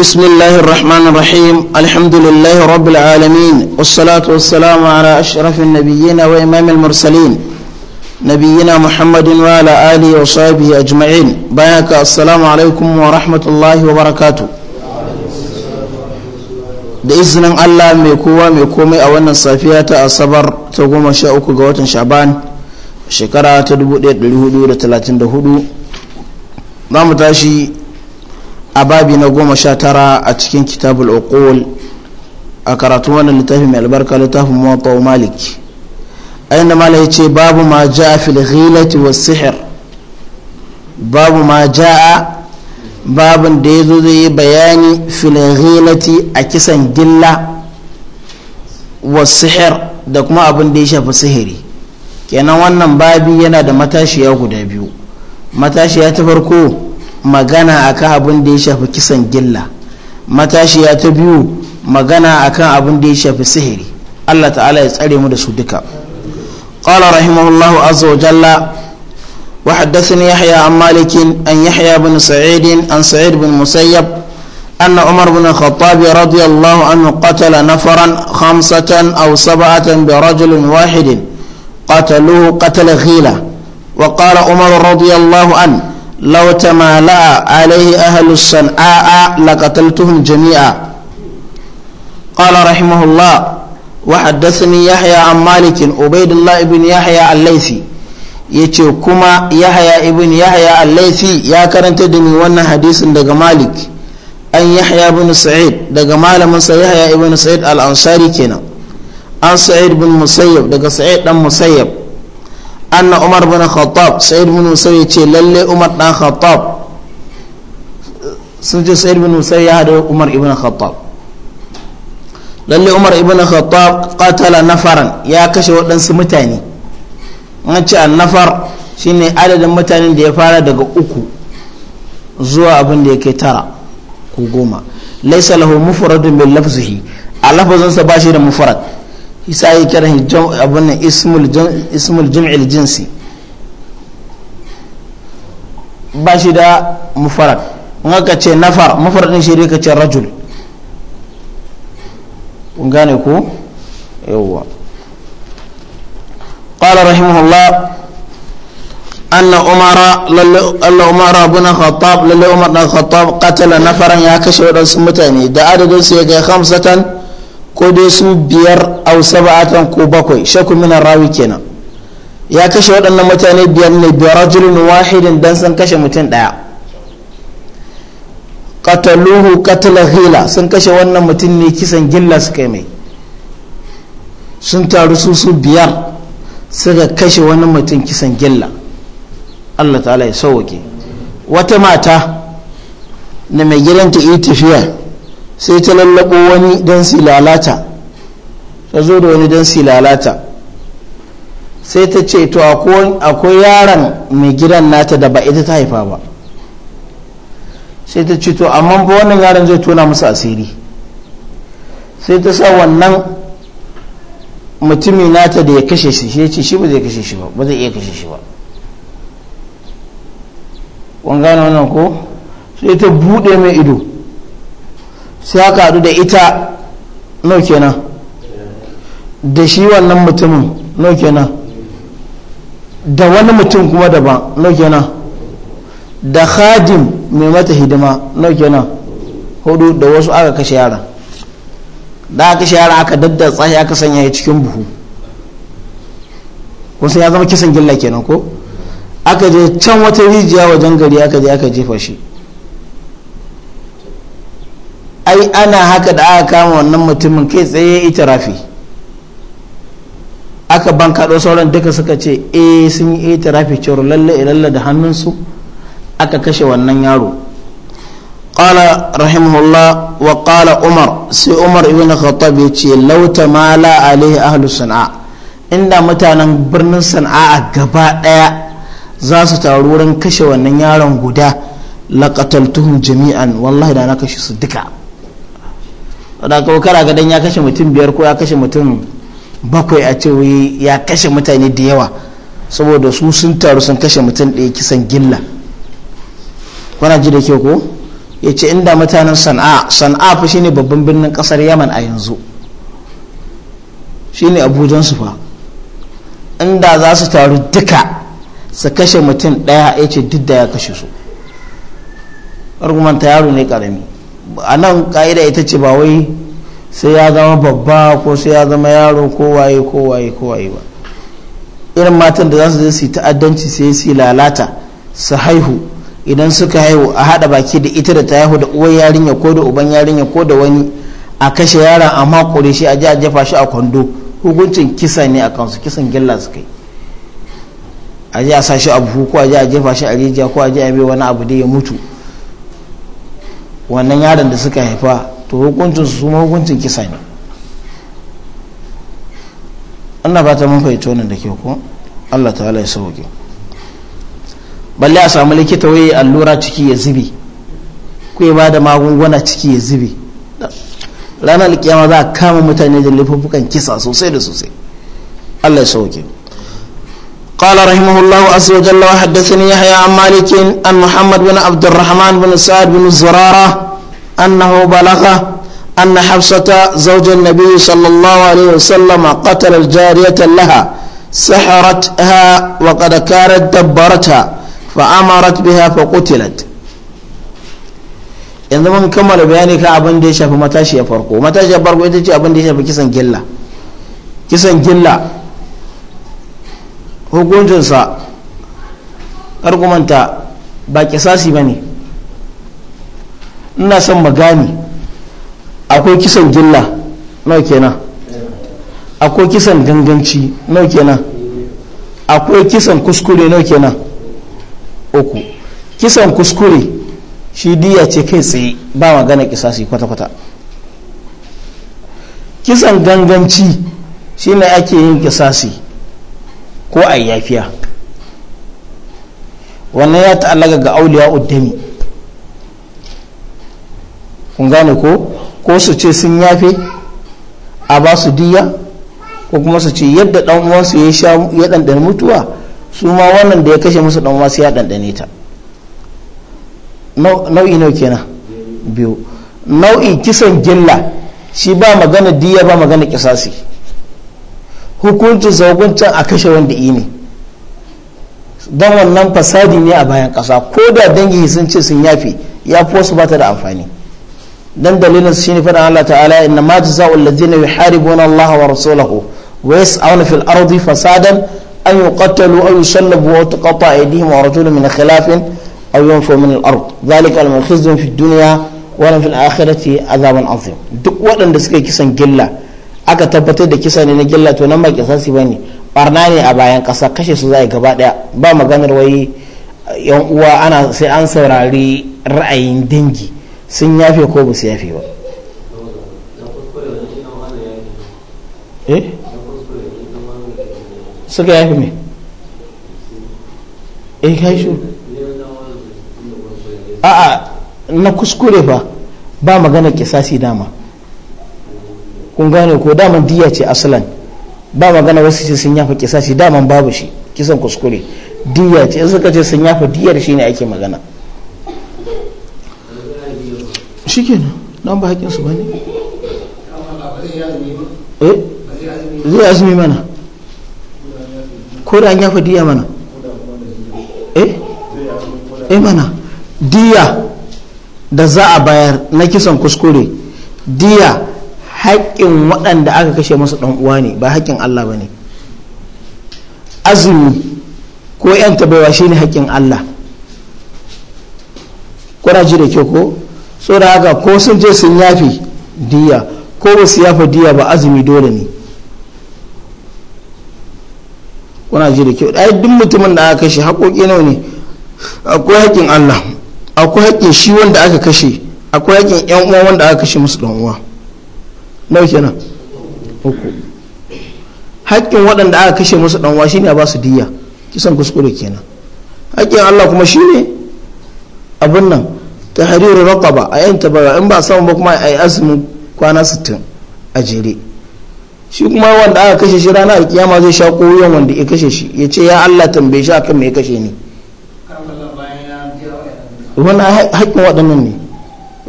بسم الله الرحمن الرحيم الحمد لله رب العالمين والصلاة والسلام على أشرف النبيين وإمام المرسلين نبينا محمد وعلى آله وصحبه أجمعين بياك السلام عليكم ورحمة الله وبركاته da izinin Allah mai kowa mai komai a wannan safiya ta asabar ta goma sha uku ga watan shaban shekara ta 1434 za mu tashi a babi na goma sha tara a cikin kitabul uqul a karatu wannan littafi mai albarka littafin muwatta malik ainihin malai ce babu ma ja'a fil ghilati wa sihir babu ma ja'a babin da ya zo zai yi bayani fil ghilati a kisan gilla wa sihir da kuma abin da ya shafi sihiri kenan wannan babi yana da matashiya guda biyu matashiya ta farko magana akan abin da ya shafi kisan gilla matashiya ta biyu magana akan abin da ya shafi sihiri Allah ta'ala ya tsare mu da su duka qala rahimahullahu azza wa jalla wa haddathani yahya an malik an yahya bin sa'id an sa'id bin musayyab أن عمر بن الخطاب رضي الله عنه قتل نفرا خمسة أو سبعة برجل واحد قتلوه قتل غيلة وقال عمر رضي الله عنه لو تمالأ عليه أهل الصنعاء لقتلتهم جميعا قال رحمه الله وحدثني يحيى عن مالك عبيد الله بن يحيى الليثي yace kuma yahya ibn yahya al-laythi ya karanta da ni wannan hadisin daga malik an yahaya ibn sa'id daga malamin sa yahya ibn sa'id al-ansari kenan an sa'id ibn musayyab daga sa'id dan musayyab anna umar bin khattab sa'id bin ya yace lalle umar dan khattab sun ce sa'id bin musayyib ya hada umar ibn khattab lalle umar ibn khattab qatala nafaran ya kashe waɗansu mutane an ce an nafar shine adadin mutanen da ya fara daga uku zuwa abin da yake tara ko goma laisa lahu mufradun bil lafzihi a lafazinsa ba shi da mufrad isa yi kiran abin ismul jam'il jinsi ba shi da mufarad in aka ce nafar mufaradin shi ka ce rajul kun gane ko yawwa qala rahimahullah أن عمر أن عمر بن الخطاب للي عمر الخطاب قتل نفرا يا كشف رسمتني ده عدد سيجي خمسة ko dai su biyar au saba'atan ko bakwai shakku minan rawi kenan ya kashe waɗannan mutane biyar ne biyar rajulun wahidin dan sun kashe mutum ɗaya qataluhu qatla sun kashe wannan mutum ne kisan gilla suka yi mai sun taru su su biyar suka kashe wani mutum kisan gilla Allah ta'ala ya sauwake wata mata na mai gidanta yi tafiya sai ta lallabo wani don silalata ta zo da wani don silalata sai ta ce to akwai yaron mai gidan nata da ba ita ta haifa ba sai ta ce to amma ba wannan yaron zai tona musu asiri sai ta sa wannan mutumi nata da ya kashe shi shi ce shi ba zai kashe shi ba ba zai iya kashe shi ba kun gane wannan ko sai ta buɗe mai ido sai aka haɗu da ita nau kenan da shi wannan mutumin nau kenan da wani mutum kuma daban nau kenan da khadim mai mata hidima nau kenan hudu da wasu aka kashe yaran da aka kashe yaran aka daddatsa ya aka sanya ya cikin buhu kun ya zama kisan gilla kenan ko aka je can wata rijiya wajen gari aka je aka jefa shi ai ana haka da aka kama wannan mutumin kai tsaye rafi aka ban kaɗo sauran duka suka ce e sun yi rafi cewar lalle ilalla e da hannunsu aka kashe wannan yaro qala rahimahullah wa qala umar sai umar ibn khattab ya ce lauta mala alaihi ahlus sana'a inda mutanen birnin sana'a gaba ɗaya za su taru wurin kashe wannan yaron guda laqataltuhum jami'an wallahi da na kashe su duka wadda ka kara ga ya kashe mutum biyar ko ya kashe mutum bakwai a ce ya kashe mutane da yawa saboda su sun taru sun kashe mutum ɗaya kisan gilla kuna ji da ke ko ya ce inda mutanen sana'a sana'a fa shine babban birnin kasar yaman a yanzu shine abujan su fa inda za su taru duka su kashe mutum ɗaya ya ce duk da ya kashe su argumanta yaro ne karami. a nan ka'ida ita ce ba wai sai ya zama babba ko sai ya zama yaro ko waye ko waye ko waye ba irin matan da za su je su ta'addanci sai su lalata su haihu idan suka haihu a haɗa baki da ita da ta haihu da uwar yarinya ko da uban yarinya ko da wani a kashe yaron a kore shi a ji a jefa shi a kwando hukuncin kisa ne a kansu kisan gilla su kai a ji a sa shi a buhu ko a ji a jefa shi a rijiya ko a ji a bai wani abu da ya mutu wannan yaron da suka haifa to hukuncin su ma hukuncin kisa ne Allah ba ta mun fahimci wannan da ke ko Allah ta'ala ya sauke balle a samu likita waye allura ciki ya zubi ku ba da magunguna ciki ya zubi ranar kiyama za a kama mutane da laifuffukan kisa sosai da sosai Allah ya sauke قال رحمه الله عز وجل وحدثني يحيى عن مالك أن محمد بن عبد الرحمن بن سعد بن الزرارة أنه بلغه أن حفصة زوج النبي صلى الله عليه وسلم قتل الجارية لها سحرتها وقد كانت دبرتها فأمرت بها فقتلت إن mun كمل bayani kan abin فمتاشي ya متاشي matashi ya أبن matashi ya farko ita ce abin hukuncinsa ƙarƙumanta ba kisasi ba ne ina son magani akwai kisan gilla nawa kenan akwai kisan ganganci nawa kenan akwai kisan kuskure nawa kenan uku kisan kuskure shi diya ce kai tsaye ba magana kisasi kwata-kwata kisan ganganci shi ne ake yin kisasi ko a yafiya wannan ya ta'allaka ga auliya uddami kun gane ko ko su ce sun yafe a ba su diya ko kuma su ce yadda dan uwansu ya sha ya dandana mutuwa su ma wannan da ya kashe musu dan uwansu ya dandane ta nau'i nau kenan biyu nau'i kisan gilla shi ba magana diya ba magana kisasi hukuncin sa hukuncin a kashe wanda yi ne don wannan fasadi ne a bayan ƙasa ko da dangi sun ce sun yafi ya fi wasu bata da amfani dan dalilin su shine faɗin Allah ta'ala inna ma jazaa'u alladhina yuharibuna Allah wa rasulahu wa yas'una fil ardi fasadan an yuqatalu aw yusallabu wa tuqata aydihim wa rajulun min khilafin aw yunfu min al-ard dhalika al-khizyun fi dunya wa fil akhirati azaban azim duk waɗanda suka kisan gilla aka tabbatar da kisa ne na gilla to nan ba kisasi bane barna ne a bayan kasa kashe su za a gaba daya ba maganar wai yan uwa ana sai an saurari ra'ayin dangi sun yafe ko ba su yafe ba eh suka yafe me eh kai shi a'a na kuskure ba ba magana kisasi dama kun gane ko daman diya ce asalan ba magana wasu ce sun yafa kisa shi daman babu shi kisan kuskure diya ce in suka ce sun yafa diyar shi ne ake magana shi kenan nan ba haƙinsu ba ne eh? zai azumi mana ko da an yafa diya mana eh eh mana diya da za a bayar na kisan kuskure diya haƙƙin waɗanda aka kashe musu ɗan uwa ne ba haƙƙin Allah ba ne azumi ko yan shi ne haƙƙin Allah kuna ji da ke ko so da haka ko sun je sun yafi diya ko ba su yafa diya ba azumi dole ne kuna ji da kyau ai duk mutumin da aka kashe haƙoƙi nawa ne akwai haƙƙin Allah akwai haƙƙin shi wanda aka kashe akwai haƙƙin yan uwa wanda aka kashe musu ɗan uwa nau kenan uku haƙƙin waɗanda aka kashe musu ɗanwa shine a ba su diya kisan kuskure kenan haƙƙin Allah kuma ne abin nan ta hariru ba a yan ba in ba samun ba kuma yi azumin kwana 60 a jere shi kuma wanda aka kashe shi ranar alkiyama zai sha koyon wanda ya kashe shi ya ce ya Allah tambaye shi akan mai kashe ni wani haƙƙin waɗannan ne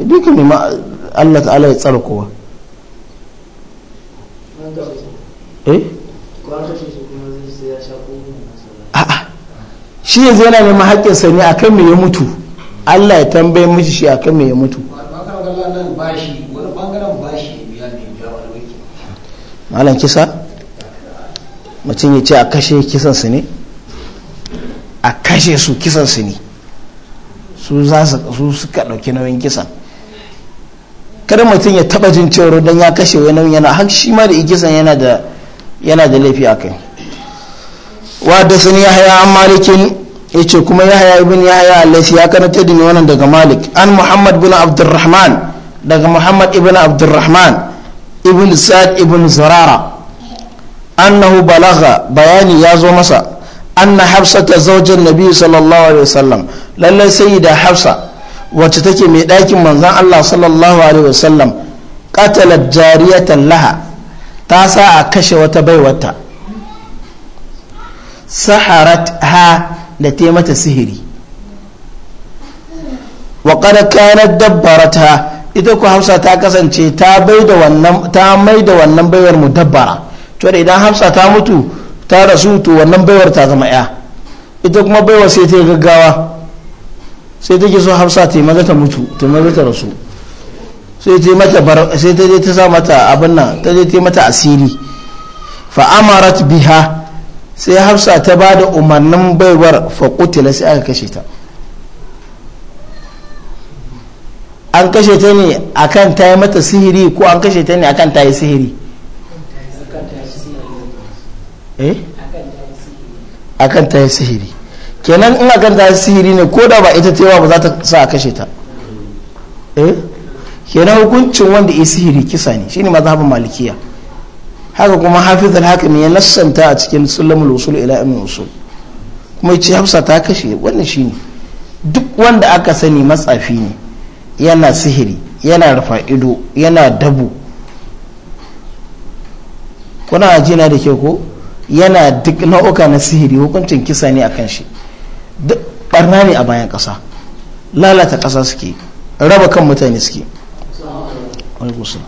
duka ne Allah ta'ala ya tsara kowa eh a'a shi yanzu yana neman haƙƙin sani a kan me ya mutu Allah ya tambaye mishi shi kan me ya mutu malam kisa mutum ya ce a kashe kisan su ne a kashe su kisan su ne su za su suka ɗauki nauyin kisan kada mutum ya taɓa jin cewar don ya kashe wani nauyin yana har shi ma da kisan yana da yana da laifi a kai wa da sun yahaya an malikin ya ce kuma yahaya ibn yahaya allaisi ya karanta da wannan daga malik an muhammad bin abdurrahman daga muhammad ibn abdurrahman ibn sa'ad ibn zurara annahu balagha bayani ya zo masa anna hafsa ta zaujin nabi sallallahu alaihi wasallam lallai sai da hafsa wacce take mai ɗakin manzan allah sallallahu alaihi wasallam qatalat jariyatan laha ta sa a kashe wata baiwata saharat ha da ta mata sihiri wa kanat dabbarat ha ita ku hamsa ta kasance ta wannan ta mai da wannan baiwar mu dabbara to da idan hamsa ta mutu ta rasu to wannan baiwar ta zama ya ita kuma baiwar sai ta yi gaggawa sai take so hamsa ta yi maza ta mutu ta maza ta rasu sai ta mata bar sai ta je ta sa mata abin nan ta je ta mata asiri fa amarat biha sai hafsa ta ba da umarnin baiwar fa kutila sai aka kashe ta an kashe ta ne akan ta yi mata sihiri ko an kashe ta ne akan ta yi sihiri eh akan ta yi sihiri kenan in akan ta yi sihiri ne ko da ba ita ta yawa ba za ta sa a kashe ta eh kenan hukuncin wanda ya sihiri kisa ne shine mazhabin malikiya haka kuma hafiz al-hakim ya nassanta a cikin sulamul usul ila ilmi usul kuma yace hafsa ta kashe wannan shine duk wanda aka sani matsafi ne yana sihiri yana rufa ido yana dabu kuna jina da ke ko yana duk nau'uka na sihiri hukuncin kisa ne akan shi duk barna ne a bayan ƙasa lalata kasa suke raba kan mutane suke Ay kusun.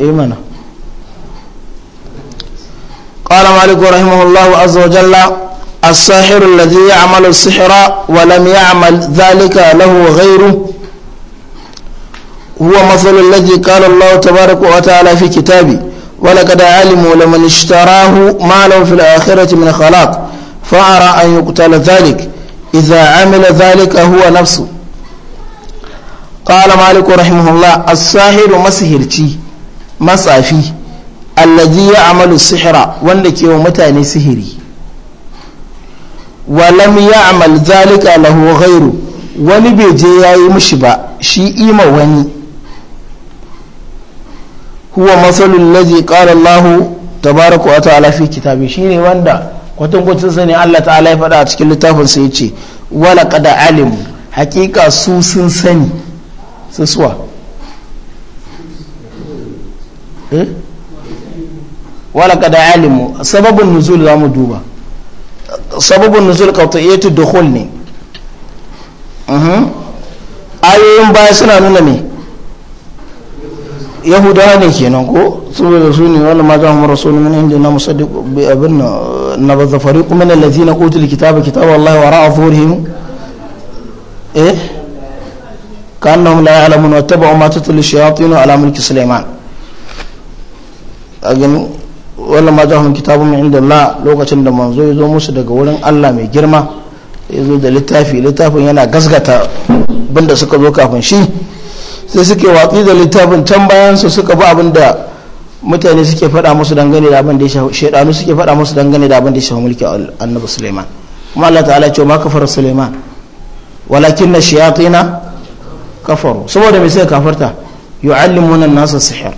Imana. Eh, Kala Maliku rahimahullahu azza wa jalla as-sahiru alladhi ya'malu sihra wa lam ya'mal dhalika lahu ghayru huwa mathalu alladhi qala Allah tabaaraka wa ta'ala fi kitabi wala laqad alimu laman ishtarahu ma lahu fil akhirati min khalaq fa ara an yuqtala dhalika إذا عمل ذلك هو نفسه قال مالك رحمه الله الساهر مسهرتي مسافي الذي يعمل السحر وانك يومتاني سهري ولم يعمل ذلك له غيره wani bai je ya yi mishi ba shi ima wani huwa matsalin lazi ƙara Allah tabaraka wa ta'ala fi kitabi shi ne wanda kwatankwacin sani Allah ta'ala ya faɗa a cikin littafin sai ce wala kada alimu hakika su sun sani su suwa eh? wala kada alimu sababin nuzul za mu duba sababin nuzul kautayetu dukhul ne mhm. ayoyin baya suna nuna me yahudawa ne kenan ko saboda su ne wani ma jami'ar rasul min inda na musaddiq bi abin na ba zafari kuma na lazi na kotu likitaba kitaba Allah wa ra'a furhim eh kannahum la ya'lamun wa tabu ma tatlu shayatin ala mulki sulaiman agin wannan ma jami'ar kitabu min inda Allah lokacin da manzo ya zo musu daga wurin Allah mai girma ya zo da littafi littafin yana gasgata banda suka zo kafin shi sai suke watsi da littafin can bayan su suka bi abin da mutane suke faɗa musu dangane da abin da ya shaidanu suke faɗa musu dangane da abin da ya shafi mulki annabi Sulaiman kuma Allah ta'ala ce ma kafar Sulaiman walakin na shayatina kafaru saboda me sai kafarta yu'allimuna an-nasa sihir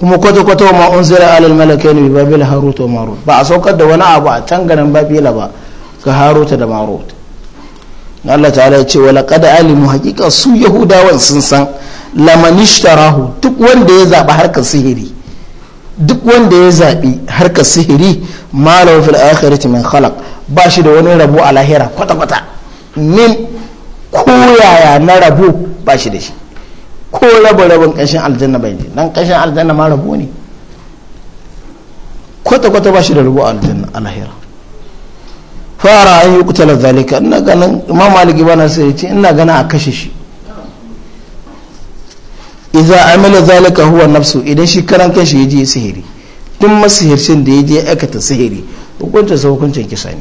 kuma kwata kwata ma unzira alal malakaini bi babil harut wa marut ba a saukar da wani abu a can garin babila ba ga haruta da marut Allah ta'ala ya ce wa laqad alimu haqiqa su yahudawan sun san lamanishtarahu duk wanda ya zaɓi harkar sihiri duk wanda ya zaɓi harkar sihiri malam fil akhirati min khalaq ba shi da wani rabo a lahira kwata kwata min koyaya na rabo ba shi da shi ko rabo rabon kashin aljanna bai ne dan kashin aljanna ma rabo ne kwata kwata ba shi da rabo a aljanna a lahira fara an yi kutalar zalika ina ganin imam maliki bana sai ya ce ina ganin a kashe shi idza amila zalika huwa nafsu idan shi karan kanshi ya je sihiri duk masihircin da ya je aikata sihiri hukuncin sa hukuncin kisa ne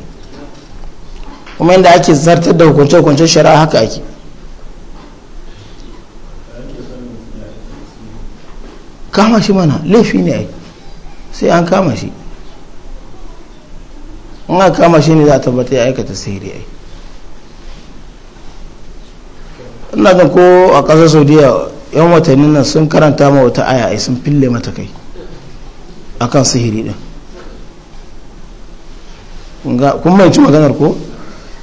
kuma inda ake zartar da hukuncin hukuncin shari'a haka ake kama shi mana laifi ne ai sai an kama shi in aka kama shi ne za a tabbata ya aikata sihiri ai ina zan ko a ƙasar saudiya yan watanni nan sun karanta ma wata aya ai sun fille mata kai kan sihiri din kun mai maganar ko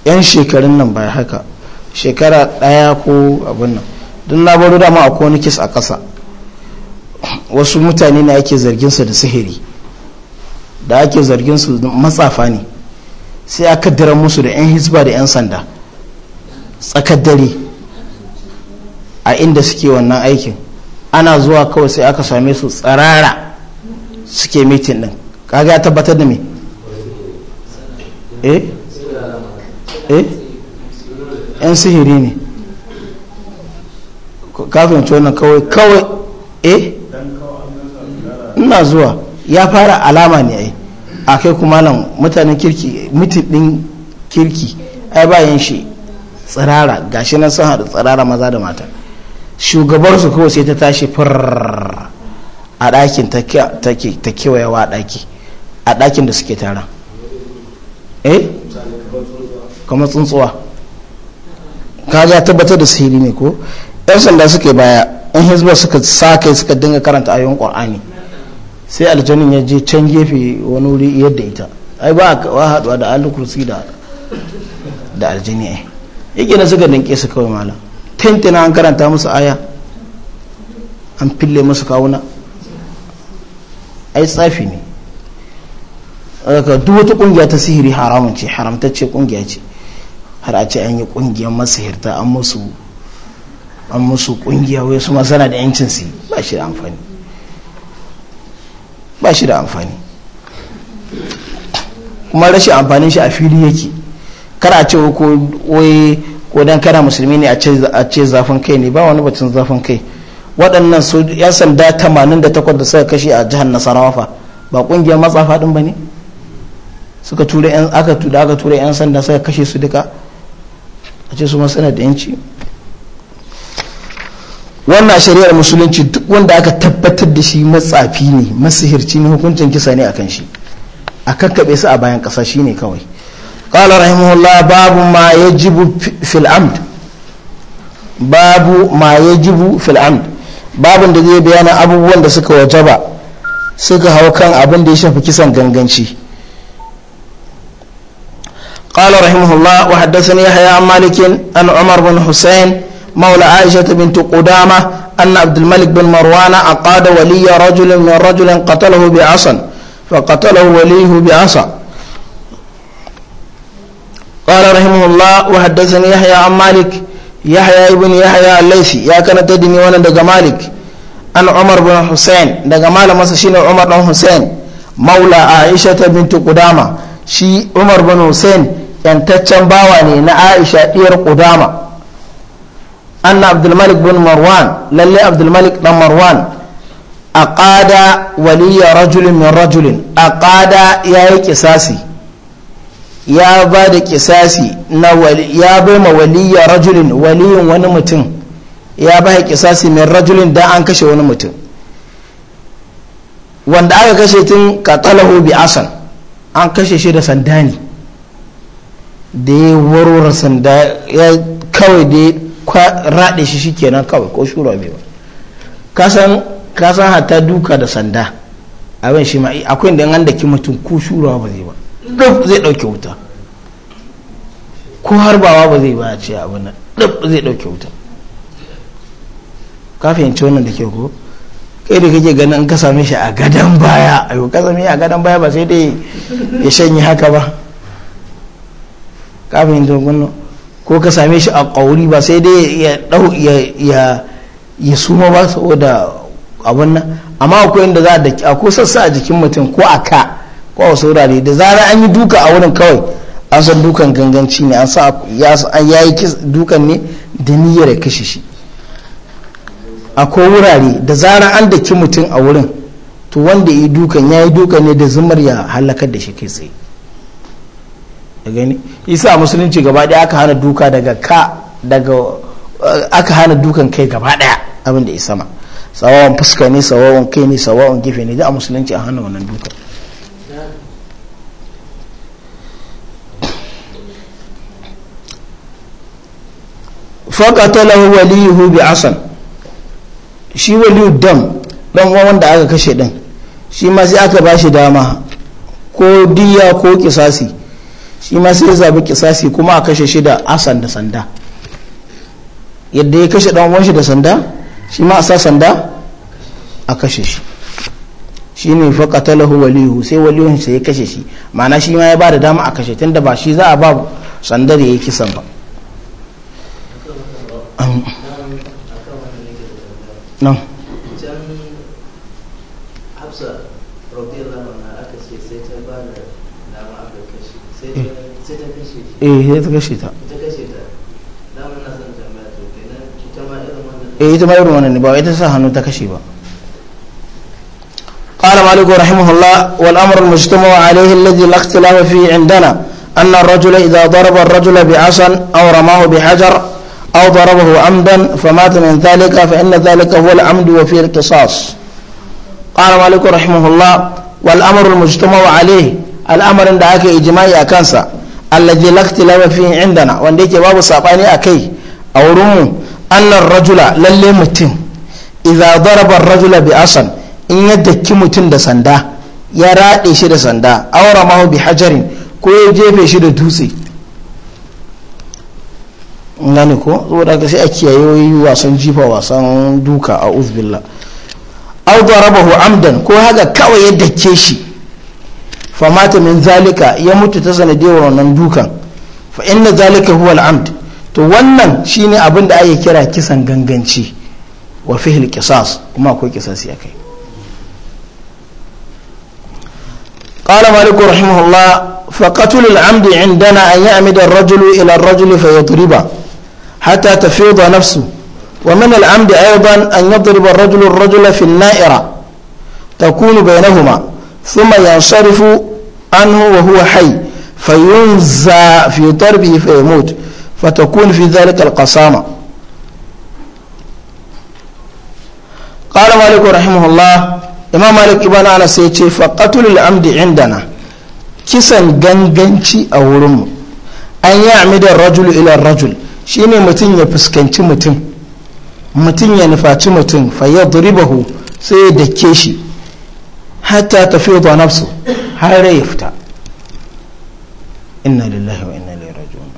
yan shekarun nan bai haka shekara ɗaya ko abin nan don na dama a wani kis a ƙasa wasu mutane na ake sa da sihiri da ake zargin su matsafa ne sai aka dira musu da 'yan hisba da 'yan sanda tsakar dare a inda suke wannan aikin ana zuwa kawai sai aka same su tsarara suke mitin din kaga ya tabbatar da me eh eh yan sihiri ne kafin wannan kawai kawai eh ina zuwa ya fara alama ne ai a kai kuma nan mutanen kirki mitin din kirki ai bayan shi tsirara gashi nan sun haɗu tsirara maza da mata su kawai sai ta tashi fir a ɗakin ta kewayewa a ɗaki a ɗakin da suke tara eh kamar tsuntsuwa ka tabbatar da sihiri ne ko 'yan sanda suke baya in hizba suka sa kai suka dinga karanta ayoyin ƙwar'ani sai aljanin ya je can gefe wani wuri yadda ita ai ba a haduwa da alin kursi da da aljani ai yake na suka dinke su kawai malam tentina an karanta musu aya an fille musu kawuna ai tsafi ne daga duk wata kungiya ta sihiri haramun ce haramtacce kungiya ce har a ce an yi kungiyar masihirta an musu an musu kungiya wai su masana da yancin su ba shi da amfani ba shi da amfani kuma rashin amfanin shi a fili yake kar a ce ko oye ko dan kana musulmi ne a ce zafin kai ne ba wani batun zafin kai waɗannan su yan sanda 88 da suka kashe a jihar nasarawa fa ba ƙungiyar matsafa din ba ne suka tura yan aka tura aka tura yan sanda suka kashe su duka a ce su masana da yanci wannan shari'ar musulunci duk wanda aka tabbatar da shi matsafi ne masihirci ne hukuncin kisa ne akan shi a kakkaɓe su a bayan ƙasa shi ne kawai ƙala rahimahullah babu ma ya jibu fil'amd babu ma ya jibu fil'amd babin da zai bayanin abubuwan da suka wajaba suka hau kan abin da ya shafi kisan ganganci ƙala rahimahullah الله وحدثني يحيى haya malikin an umar bin hussein. مولى عائشة بنت قدامة أن عبد الملك بن مروان أقاد ولي رجل من رجل قتله بعصا فقتله وليه بعصا قال رحمه الله وحدثني يحيى عن مالك يحيى بن يحيى الليثي يا كان تدني وانا دغ مالك أن عمر بن حسين دغ مالك مسا عمر بن حسين مولى عائشة بنت قدامة شي عمر بن حسين yantaccen bawa ne na aisha ɗiyar ƙudama أن عبد الملك بن مروان للي عبد الملك بن مروان أقاد ولي رجل من رجل أقاد يا كساسي يا بعد كساسي نول يا بما ولي رجل ولي ونمتن يا بعد كساسي من رجل دا أنكش ونمتن wanda aka kashe tun katalahu bi asan an kashe shi da sanda ne da ya warware sanda kawai da raɗe shi shikenan kawai ko shura bai ba kasan kasan hata duka da sanda abin shi ma akwai da an daki mutum ko shura ba zai ba duk zai dauke wuta ko harbawa ba zai ba a ce abin nan duk zai dauke wuta ka fahimci wannan da ke ko kai da kake ganin ka same shi a gadon baya ayo ka same shi a gadon baya ba sai dai ya shanye haka ba ka fahimci wannan ko ka same shi a ƙauri ba sai dai ya ɗau ya suma ba saboda abin nan amma akwai inda za a daki a sassa a jikin mutum ko a ka ko a saurare da zarar an yi duka a wurin kawai an san dukan ganganci ne an sa ya yayi dukan ne da niyyar kashe shi akwai wurare da zarar an daki mutum a wurin to wanda yi dukan ya yi dukan ne da zumar ya halakar da shi kai tsaye gani isa musulunci gaba daya aka hana duka daga ka daga eh, aka hana dukan kai gaba daya abin da ya sama sawawan fuska ne tsawon kai ne tsawon gefe ne da a musulunci a hana wannan dukan lahu waliyuhu bi asan shi waliyu dam dan uwan wanda aka kashe din shi ma sai aka ba shi dama ko diya ko kisasi shi ma sai zabi kisasi kuma a kashe shi da asan da sanda yadda ya kashe dan shi da sanda shi ma a sa sanda a kashe shi shi ne lahu waliyu sai waliyun sai ya kashe shi ma'ana shi ma ya ba da dama a kashe tun da ba shi za a ba sanda da ya yi kisan ba nan can hafsa rabbi allah aka ce sai ta ba da eh ta kashe ta eh ita ma irin wannan قال مالك رحمه الله والأمر المجتمع عليه الذي لا اختلاف فيه عندنا أن الرجل إذا ضرب الرجل بعصا أو رماه بحجر أو ضربه عمدا فمات من ذلك فإن ذلك هو العمد وفي القصاص قال مالك رحمه الله والأمر المجتمع عليه al'amarin da aka yi jima'i a kansa lakti laktilama fi indana wanda yake babu sabani a kai a wurinmu annar rajula lalle mutum idan darabar rajula bi asan in ya daki mutum da sanda ya raɗe shi da sanda aura mahu bi hajarin ko ya jefe shi da dutse ngani ko saboda ka sai a kiyaye wasan jifa wasan duka a uzbillah au darabahu amdan ko haka kawai ya dake shi famata min zalika ya mutu ta sanadiyar wannan dukan fa inna zalika huwa al'amd to wannan shine abin da ake kira kisan ganganci wa fihl qisas kuma akwai qisas ya kai qala malik rahimahullah fa qatl al'amd indana an ya'mid ar-rajulu ila ar-rajuli fa yadriba hatta tafidha nafsu wa min al'amd aydan an yadriba ar-rajulu ar-rajula fi an-na'ira takunu bainahuma ثم ينصرف anhu wa huwa hayy fayunza fi darbi fa yamut fatakun fi dhalika alqasama qala malik rahimahullah imam malik ibn anas yace fa qatul al-amd indana kisan ganganci a wurin mu an yi amidar rajul ila rajul shine mutum ya fuskanci mutum mutum ya nufaci mutum fa ya duribahu sai ya dake shi hatta ta fi nafsu har ya fita inna lillahi wa inna ilaihi raji'un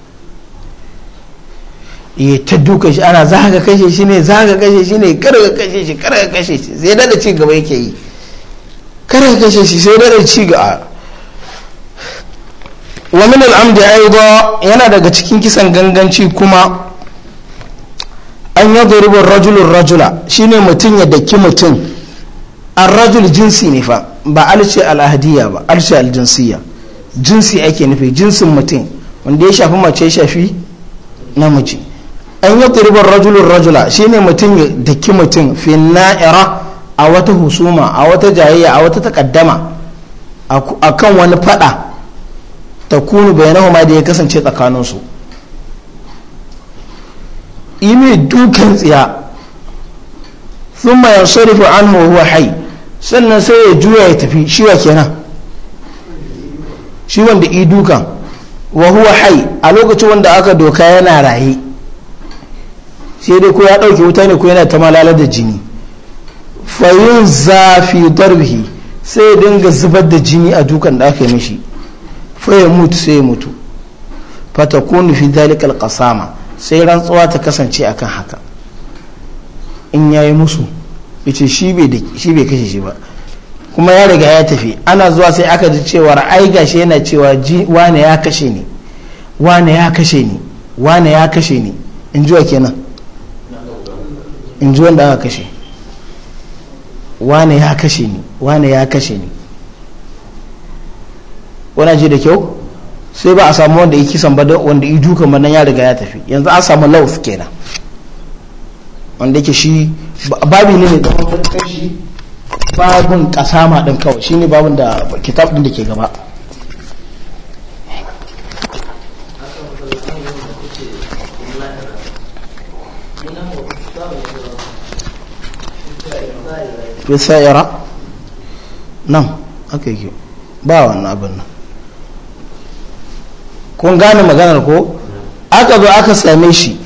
ya ta duka shi ana za ka kashe shi ne za ka kashe shi ne kar ka kashe shi kar ka kashe shi sai dada ci gaba yake yi kar ka kashe shi sai dada ci gaba wa min yi aidan yana daga cikin kisan ganganci kuma an yi rajulun rajula shine mutum ya daki mutum an rajul jinsi ne fa ba alce al'ahadiyya ba alce aljinsiyya jinsi ake nufi jinsin mutum wanda ya shafi mace ya shafi namiji an yi ƙirbar rajulun rajula shine mutum ya daki mutum fi na'ira a wata husuma a wata jayayya a wata takaddama a kan wani fada ta kunu bayanahu ma da ya kasance tsakaninsu imi dukan tsiya sun mayan sarifu an huwa hai sannan sai ya juya ya tafi shi kenan shi wanda i dukan wa hai a lokacin wanda aka doka yana raye sai dai ko ya ɗauke wuta ne ko yana ta malala da jini fayin zafi darbihi sai ya dinga zubar da jini a dukan da aka yi mishi fayin mutu sai ya mutu fatakunu fi dalikal kasama sai rantsuwa ta kasance akan haka in yayi musu ce shi bai kashe shi ba kuma ya riga ya tafi ana zuwa sai aka ji cewar ai gashi yana cewa ji wane ya kashe ni wane ya kashe ni wane ya kashe ni in ji wa kenan in ji wanda aka kashe wane ya kashe ni wane ya kashe ni wana ji da kyau sai ba a samu wanda ya kisan ba wanda ya duka manan nan ya riga ya tafi yanzu an samu lauf kenan wanda yake shi babi ne mai zaman kanshi babin kasama din kawai ne babin da kitab ɗin da ke gaba fi nan aka yi ba wannan abin nan kun gane maganar ko aka zo aka same shi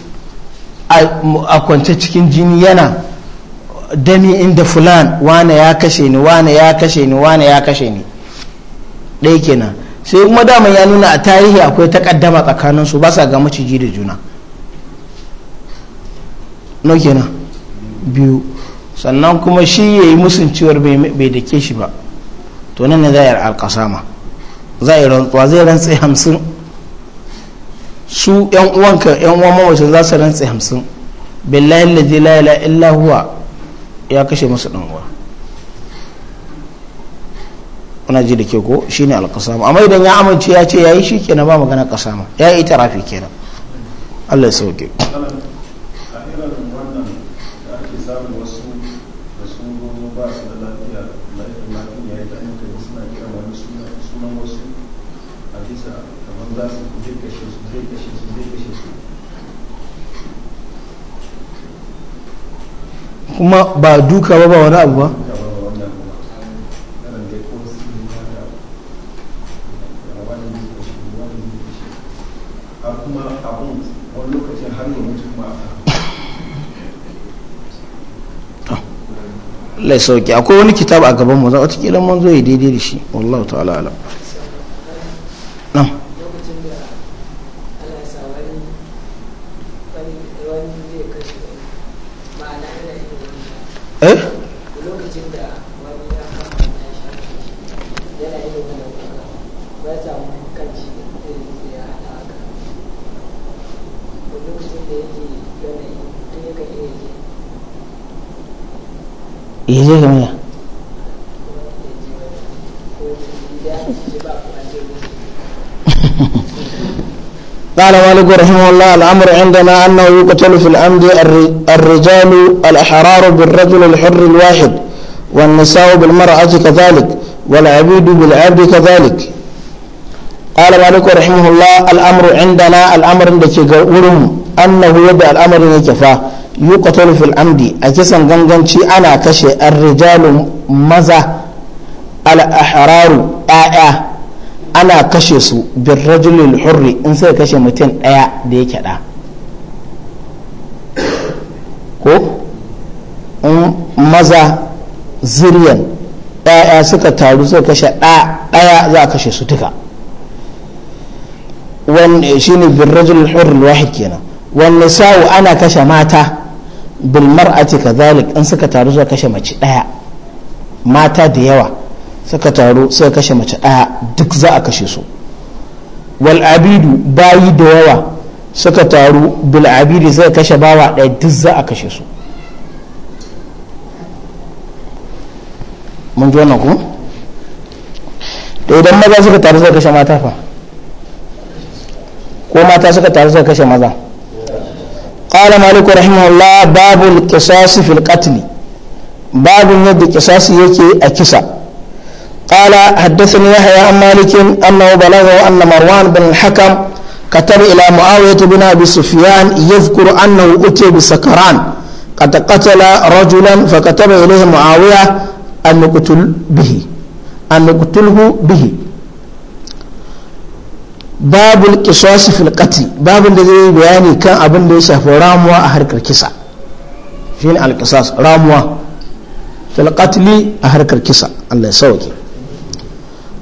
a kwance cikin jini yana dami inda fulan wane ya kashe ni wane ya kashe ni wane ya kashe ni ɗaya kenan sai kuma daman ya nuna a tarihi akwai takaddama tsakanin su ba sa ga maciji da juna no kenan biyu sannan kuma shi ya yi musun cewar bai dake shi ba to nan ne za a yi alƙasama za a yi rantsuwa zai rantsai hamsin su yan uwanka yan uwan mamacin za su rantse hamsin billahi lalzi la ila illa huwa ya kashe musu dan uwa kuna ji da ke ko shine alƙasama amma idan ya amince ya ce yayi shi kenan ba magana ƙasama ya yi itirafi kenan Allah ya sauke kuma ba duka ba ba wani abu ba lai sauki akwai wani kitab a gaban mu za a wata kila ya daidai da shi wallahu ta'ala alam إيه قال مالك رحمه الله الأمر عندنا أنه يقتل في العمد الرجال الأحرار بالرجل الحر الواحد والنساء بالمرأة كذلك والعبيد بالعبد كذلك قال مالك رحمه الله الأمر عندنا الأمر عندك ورم أنه يبدأ الأمر نجفاه yuqtalu fil amdi a kisan ganganci ana kashe ar-rijalu maza al-ahraru ɗaya ana kashe su bin rajulil hurri in sai kashe mutum daya da yake ɗa ko in maza ziriyan daya suka taru sai kashe daya za a kashe su duka shi ne bin rajulil hurri wahid kenan wani sa'u ana kashe mata bil mar'ati zalik in suka taru suka kashe mace daya mata da yawa suka taru suka kashe mace daya duk za a kashe su wal abidu bayi da yawa suka taru bil abidi suka kashe bawa daya duk za a kashe su mun ji wannan ko to idan maza suka taru suka kashe mata fa ko mata suka taru suka kashe maza قال مالك رحمه الله باب القصاص في القتل باب يد القصاص يكي أكسا قال حدثني يحيى عن مالك أنه بلغه أن مروان بن الحكم كتب إلى معاوية بن أبي سفيان يذكر أنه أتي بسكران قد قتل رجلا فكتب إليه معاوية أن نقتل به أن نقتله به babul kiswasi filƙati babin da zai yi bayani kan abin da ya shafi ramuwa a harkar kisa fi ne alƙisas ramuwa filƙatili a harkar kisa allah ya sauke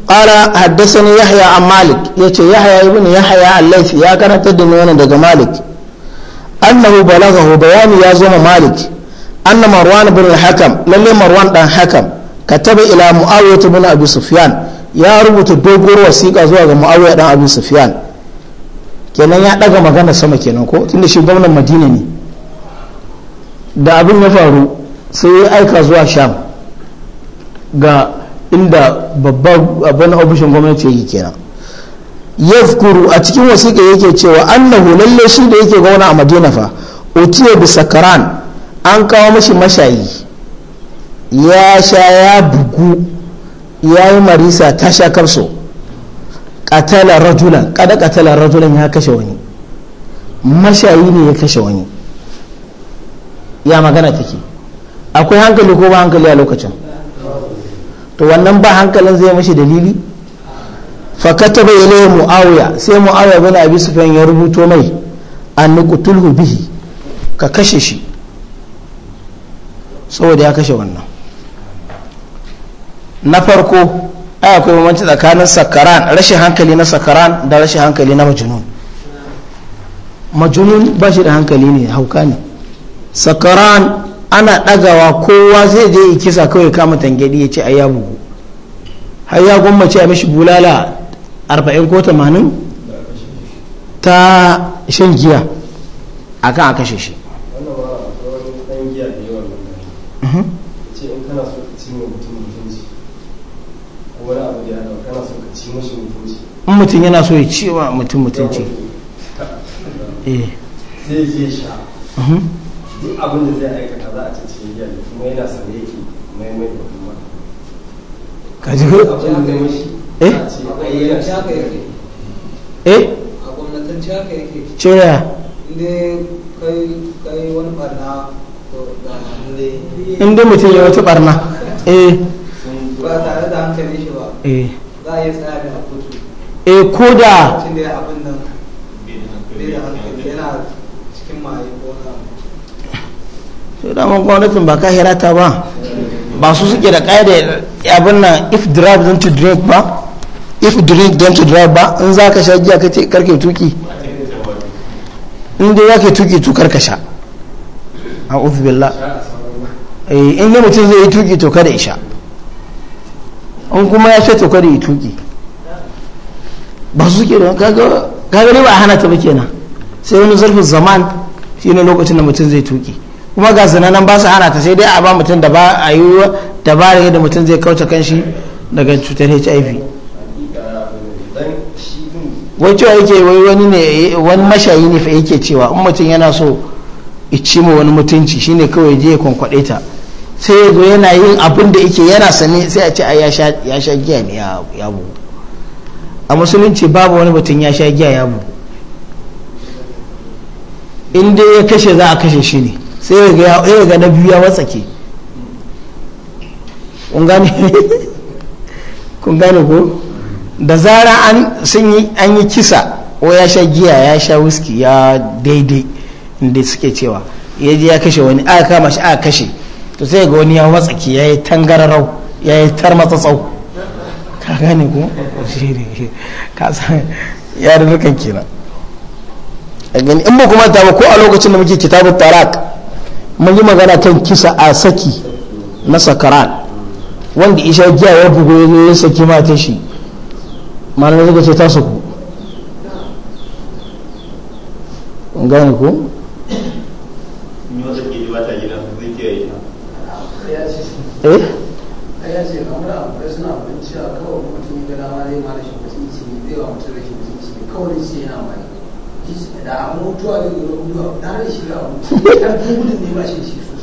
ƙara haddasa ni yahaya a malik ya ce yahaya ibn yahaya a ya karanta da ni wani daga malik annahu balagahu bayani ya zoma ma malik anna marwan ibn hakam lallai marwan dan hakam katabi ila muawiyah ibn abu sufyan ya rubuta dogon wasiƙa zuwa ga muawiya dan abin sufiyan kenan ya daga magana sama kenan ko tunda shi gwamnan madina ne da abin ya faru sai ya aika zuwa sham ga inda babban abin ofishin gwamnati yake kenan fukuru a cikin wasiƙa yake cewa annahu lalle shi da yake gwamna a madina fa utiya bi sakaran an kawo mashi mashayi ya sha ya bugu ya yi marisa ta sha karso katalar rajulan kada katalar rajulan ya kashe wani mashayi ne ya kashe wani ya magana take akwai hankali ko ba hankali a lokacin to wannan ba hankalin zai mashi dalili fakata bai ilayhi mu'awiya sai mu'awiya bin abi sufyan ya rubuto mai an nuqtulhu bihi ka kashe shi saboda ya kashe wannan na farko ai akwai bambanci tsakanin sakaran rashin hankali na sakaran da rashin hankali na majnun majnun ba shi da hankali ne hauka ne sakaran ana ɗagawa kowa zai je yi kisa kawai kama tangedi ya ce a ya bugu har ya ce a mishi bulala 40 ko 80 ta shan giya akan a kashe shi in mutum yana so ya wa mutum mutunci eh. zai sha mhm. duk abin da zai aikata za a ce kuma yana mai mai da kuma ka ji ko eh? a eh? inda kai wani barna mutum ya wata barna ba tare da hankali shi ba za a yi tsari a kotu e ko da sai da gwamnatin ba kahira ta ba ba su suke da ƙa'ida eh, abin nan if drive don to drink ba if drink don to drive ba in za ka sha giya ce karke tuki in dai za ka tuki to karka sha a billah eh, in yi mutum zai yi tuki to kada ya sha in kuma ya sha to kada ya tuki ba su suke da kaga ne ba hana ta ba kenan sai wani zarfin zaman shi ne lokacin da mutum zai tuki kuma ga nan ba su hana ta sai dai a ba mutum da ba a yi dabarar da mutum zai kauce kanshi daga cutar hiv wai cewa yake wai wani ne wani mashayi ne fa yake cewa in mutum yana so ici ma wani mutunci shine kawai je ya kwankwaɗe ta sai ya zo yana yin abin da yake yana sane sai a ce a ya sha giya ne ya bugu a musulunci babu wani mutum ya sha giya ya bugu in dai ya kashe za a kashe shi ne sai ya ga na biyu ya watsake kun gane ko da zara an yi kisa o ya sha giya ya sha whisky ya daidai inda suke cewa ya ji ya kashe wani aka kama shi aka kashe to sai ga wani ya watsake ya yi tangararau ya yi matsatsau ka gane ko ka san yarurrukan kenan a gani in ba kuma ta ba ko a lokacin da muke kitabun tarak mun yi magana kan kisa a saki na sakaran wanda isha giya ya bugu ya zo ya saki mata shi na suka ce ta saku gane ko eh alkawarin sai da da na da shi shi shi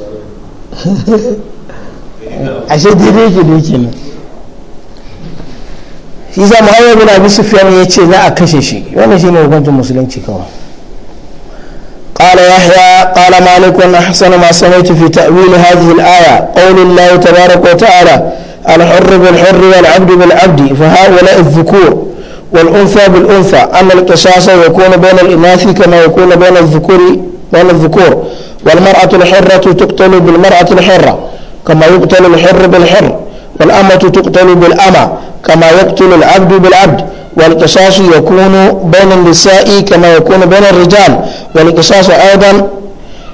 da shi ya ce za a kashe shi wannan shi ne hukuncin musulunci kawai قال يحيى قال مالك أحسن ما سمعت في تأويل هذه الآية قول الله تبارك وتعالى الحر بالحر والعبد بالعبد فهؤلاء الذكور والأنثى بالأنثى أما الاقتصاص يكون بين الإناث كما يكون بين الذكور بين الذكور والمرأة الحرة تقتل بالمرأة الحرة كما يقتل الحر بالحر والأمة تقتل بالأمة كما يقتل العبد بالعبد والقصاص يكون بين النساء كما يكون بين الرجال والقصاص أيضا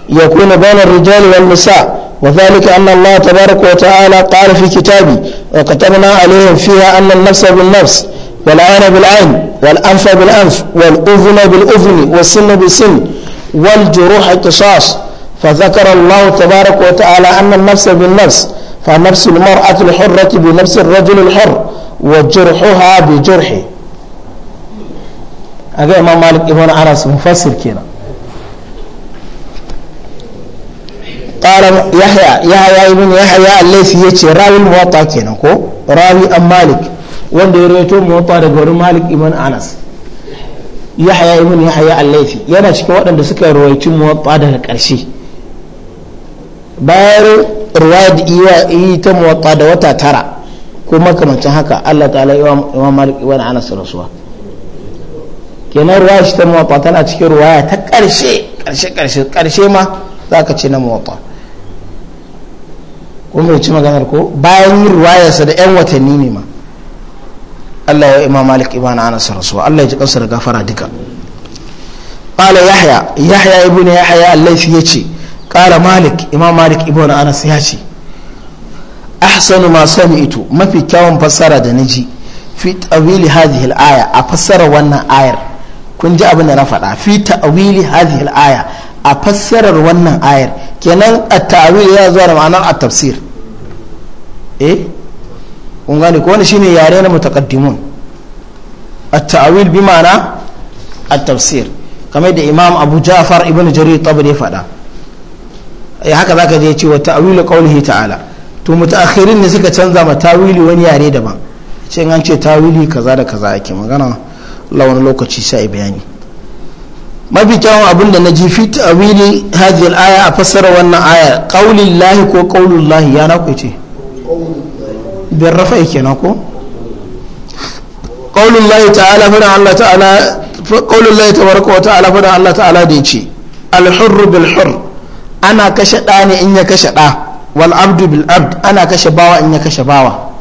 يكون بين الرجال والنساء وذلك أن الله تبارك وتعالى قال في كتابه وكتبنا عليهم فيها أن النفس بالنفس والعين بالعين والأنف بالأنف والأذن بالأذن والسن بالسن والجروح قصاص فذكر الله تبارك وتعالى أن النفس بالنفس فنفس المرأة الحرة بنفس الرجل الحر وجرحها بجرحه هذا إمام مالك ابن عرس مفسر كنا قال يحيى يحيى ابن يحيى الليث يتي راوي الموطأ كنا راوي أم مالك wanda ya rawaito muwatta daga wani malik iman anas haya ibn ya haya laifi yana cikin waɗanda suka rawaito muwatta daga ƙarshe bayan ruwaya yi ta muwatta da wata tara ko makamancin haka Allah ta'ala iman malik iman anas rasuwa kenan ruwaya shi ta muwatta tana cikin ruwaya ta ƙarshe ƙarshe ƙarshe ƙarshe ma za ka ce na muwatta kuma ya ci maganar ko bayan yin ruwayarsa da 'yan watanni ne ma Allah ya imam malik ibn anas rasuwa Allah ya ji kansa da gafara duka qala yahya yahya ibn yahya Allah laythi yace qala malik imam malik ibn anas ya ce ahsanu ma sami'tu mafi kyawun fassara da naji fi tawili hadhihi al-aya a fassara wannan ayar kun ji abin da na faɗa fi ta'wili hadhihi al-aya a fassarar wannan ayar kenan at-ta'wil ya zuwa da ma'anar at-tafsir eh kun gane ko wani shine yare na mutaqaddimun at-ta'wil bi ma'ana at-tafsir kamar da imam abu ja'far ibnu jarir tabari faɗa eh, ya haka zaka je cewa ta'wilu qawlihi ta'ala to mutaakhirin ne suka canza ma tawili wani yare daban ce an ce tawili kaza da kaza ake magana Allah wani lokaci sai bayani mafi kyawun abin da na ji fi ta'wili hadhihi aya a fassara wannan aya qaulillahi ko qaulullahi ya na ku ce bin rafa kenan ko qaulul lahi ta'ala fara Allah ta'ala qaulul lahi ta'ala fara Allah ta'ala da yace al hurr bil hurr ana kashe da ne in ya kashe da wal abdu bil abd ana kashe bawa in ya kashe bawa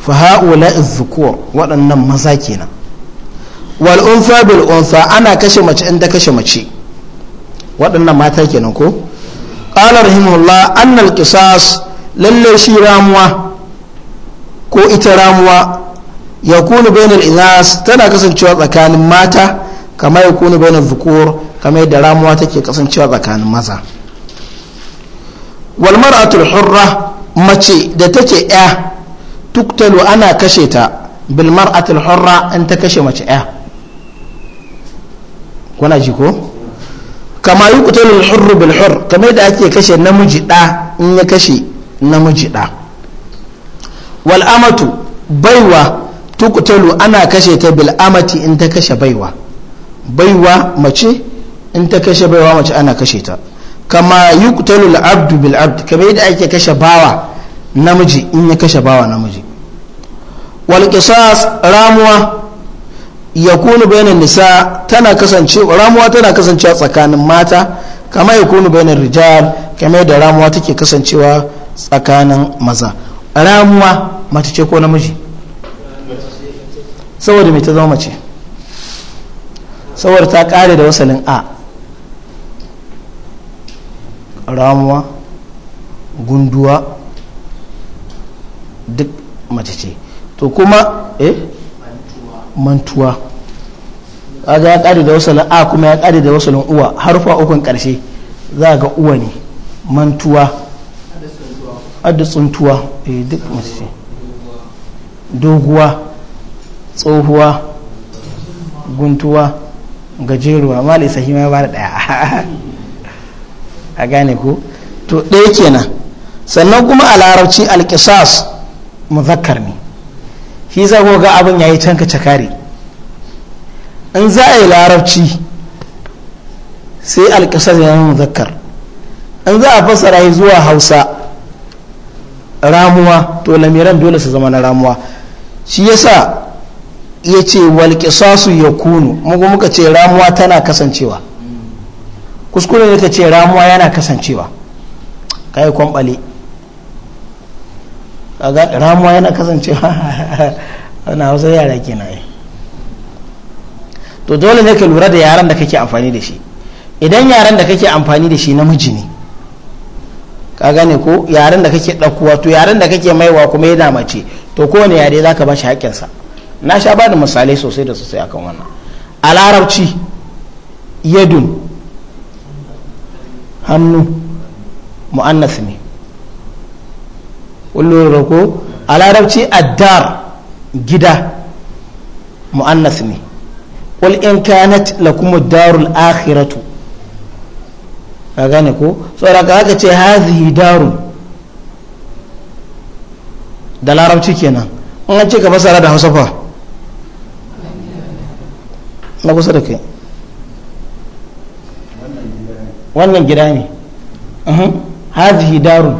fa haula az-zukur waɗannan maza kenan wal unsa bil unsa ana kashe mace in ta kashe mace waɗannan mata kenan ko qala rahimahullah anna al kisas lalle shi ramuwa ko ita ramuwa ya kunu bainal inas tana kasancewa tsakanin mata kamar ya kunu bainal zukur kamar yadda ramuwa take kasancewa tsakanin maza wal mar'atul hurra mace da take ya tuktalu ana kashe ta bil mar'atul hurra in ta kashe mace ya kuna ji ko kama yi kutalin hurru bil hur kamar yadda ake kashe namiji ɗa in ya kashe namiji ɗa wal amatu baiwa tuqtalu ana kashe ta bil amati in ta kashe baiwa baiwa mace in ta kashe baiwa mace ana kashe ta kama yuqtalu al abdu bil abd kamar yadda ake kashe bawa namiji in ya kashe bawa namiji wal qisas ramuwa yakunu bainan nisa tana kasancewa ramuwa tana kasancewa tsakanin mata kama yakunu bainan rijal kamar yadda ramuwa take kasancewa tsakanin maza ramuwa mace ce ko namiji saboda mai ta zama mace saboda ta kare da wasalin a ramuwa gunduwa duk mace ce to kuma eh mantuwa kaga ya kare da wasalin a kuma ya kare da wasalin uwa harfa ukun karshe za ga uwa ne mantuwa adda tsuntuwa eh duk mace ce doguwa tsohuwa guntuwa gajeruwa ma da sahi ba da daya a gane ku. to ɗaya kenan sannan kuma a larabci alƙisas muzakkar ne shi za ga abin ya yi canka cakare in za a yi larabci sai alƙisas ya yi muzakkar in za a fassara yi zuwa hausa ramuwa to lamiran dole su zama na ramuwa shi yasa ya ce walƙisasu ya kunu muku muka ce ramuwa tana kasancewa kuskure ne ka ce ramuwa yana kasancewa ka yi kwamɓale ramuwa yana kasancewa ana hausa yara na yi to dole ne ka lura da yaran da kake amfani da shi idan yaran da kake amfani da shi namiji ne ka gane ko yaren da kake ɗaukuwa to yaren da kake maiwa kuma yana mace to kowane yare zaka ba shi haƙƙinsa na sha ba da misalai sosai da sosai akan wannan a larabci yadun hannu mu'annas ne kullum ko a larabci addar gida mu'annas ne qul in kanat lakum ad-darul akhiratu ka gane ko tsoraka aka ce hazihi daru da larabci kenan an ce ka fasara da hausa fa na kusa da kai wannan gida ne mhm. hazihi darun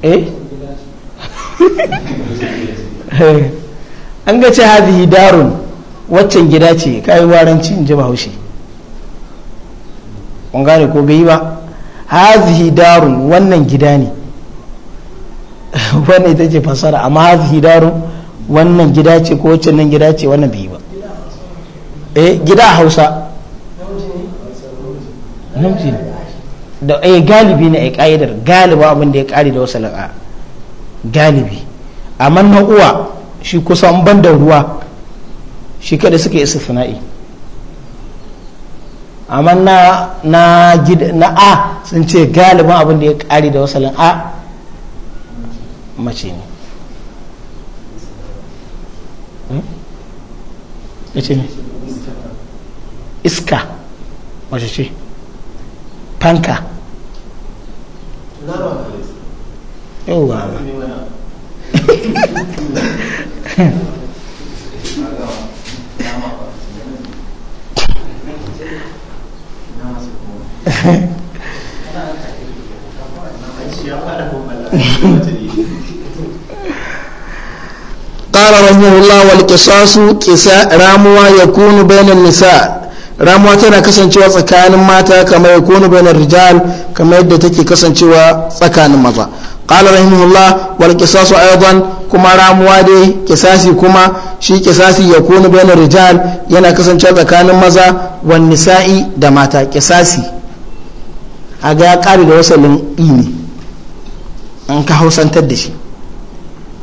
eh? eh an ga ce hazihi darun waccan gida ce kayan waranci in ji bahaushe kun gane ko bai ba hazihi darun wannan gida ne wannan ita ce fasara amma hazihi darun wannan gida ce ko wacce nan gida ce wannan bai ba eh gida a hausa namiji ne da eh galibi ne ai ka'idar galiba abin da ya kare da wasalin a galibi amma na uwa shi kusan ban da ruwa shi kada suka yi sufina'i amma na na gida na a sun ce galibin abin da ya kare da wasalin a mace ne hmm? ya ce iska mace ce panka yau ba قال رحمه الله والقصاص قصاء راموا يكون بين النساء ramuwa tana kasancewa tsakanin mata kama ya kone bayan rijal kama yadda take kasancewa tsakanin maza qala rahimahullah wal qisasu aidan kuma ramuwa dai kisasi kuma shi kisasi ya kone bayan rijal yana kasancewa tsakanin maza wan nisa'i da mata kisasi a ga ya kare da wasalin i ne an ka hausantar da shi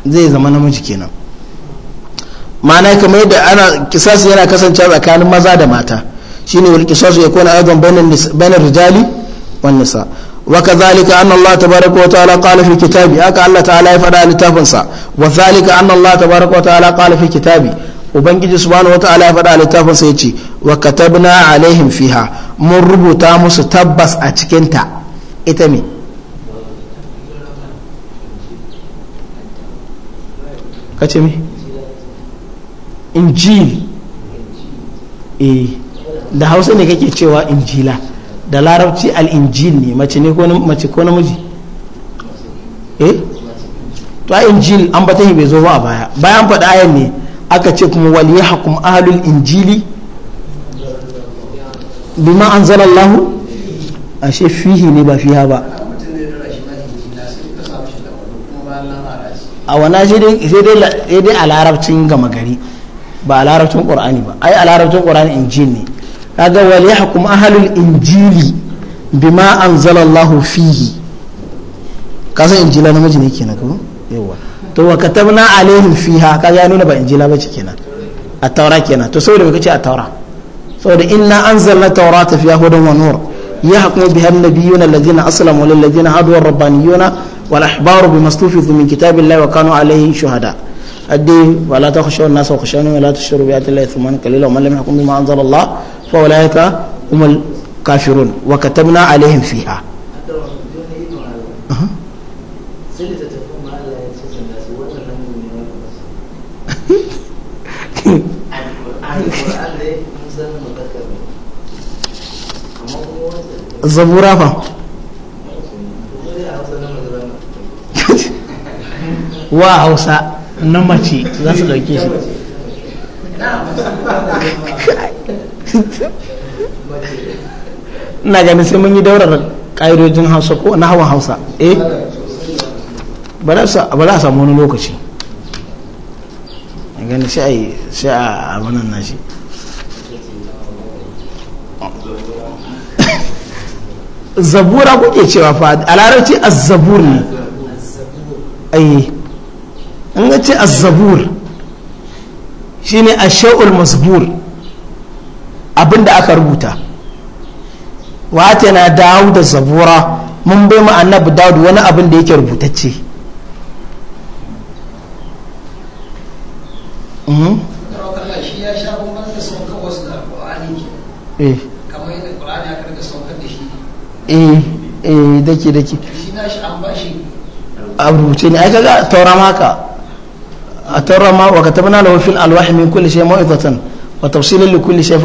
zai zama namiji kenan ma'ana kamar yadda ana kisasu yana kasance tsakanin maza da mata shine wal kisasu yakuna aidan bainar rijali wan nisa وكذلك أن الله تبارك وتعالى قال في كتابه أكا الله تعالى يفعل لتافنسا وذلك أن الله تبارك وتعالى قال في كتابه ubangiji subhanahu wataala ya faɗa littafin sai ce wa katabna alaihim fiha mun rubuta musu tabbas a cikinta ita me kace me injil eh da hausa ne kake cewa injila da larabci al-injil ne mace ne ko mace ko namiji eh to injil an bata bai zo ba a baya bayan faɗa ayan ne aka ce kuma ya yahkum ahalul injili bima anzalallahu ashe fihi ne ba fiha ba a wana sai dai a larabcin gama gari ba a larabcin ƙorani ba ai a larabcin ƙorani injil ne kaga wal yahkum ahlul injili bima an anzalallahu fihi kasan injila namiji ne na kuma yawa to wa katabna alaihim fiha kaga ya nuna ba injila ba ce kenan a taura kenan to saboda muka ce a taura saboda inna anzalna tawrata fiha hudan wa nur yahkumu biha an-nabiyyuna alladhina aslamu lil ladina hadu ar-rabbaniyuna wal bi bima stufizu min kitabillahi wa kanu alaihi shuhada أدي ولا تخشوا الناس وخشوني ولا تشتروا بآيات الله ثمنا قليلا ومن zabura fa wa hausa na mace za su dauke shi na gani sai mun yi daurar ƙa'idojin hausa ko na hawan hausa eh ba za a samu wani lokaci gani sai a abinan nashi zabura kuke cewa fa a larabci azzabur ne ayi an ga ce azzabur shine asha'ul masbur abinda aka rubuta wa na dawo da zabura mun bai mu annabi dawud wani abin da yake rubutacce hmm? eh eh eh dake dake a rubuce ne ai kaga taura maka a taura ma wa katabna lahu fil min kulli shay mawidatan wa tafsilan li kulli shay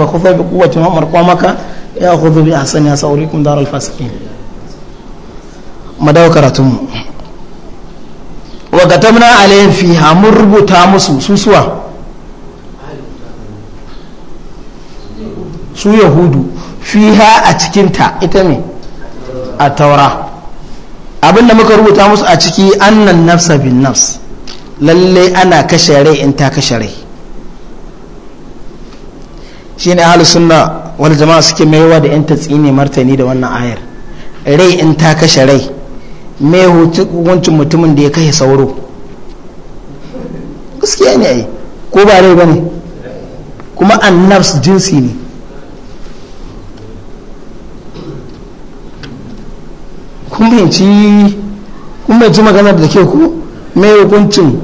mun rubuta musu su yahudu fiha a cikinta ita me a taura abinda muka rubuta musu a ciki annan nafsa bin nafs lalle ana kashe rai in ta kashe rai shi ne ahalus sunna wani jama'a suke maiwa da yan tatsini martani da wannan ayar rai in ta kashe rai me hukuncin mutumin da ya kashe sauro gaskiya ne ai ko ba rai ba ne kuma an nafs jinsi ne kun fahimci maganar da ke ku mai hukuncin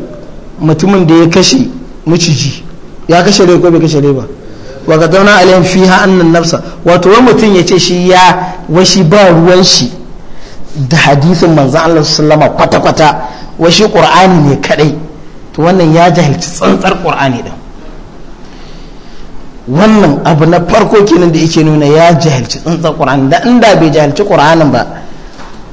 mutumin da ya kashe maciji ya kashe rai ko bai kashe rai ba wa ka zauna alayhim annan nafsa wato wani mutum ya ce shi ya washi ba ruwan shi da hadisin manzan Allah sallama kwata-kwata washi qur'ani ne kadai to wannan ya jahilci tsantsar qur'ani din wannan abu na farko kenan da yake nuna ya jahilci tsantsar qur'ani da inda bai jahilci qur'anin ba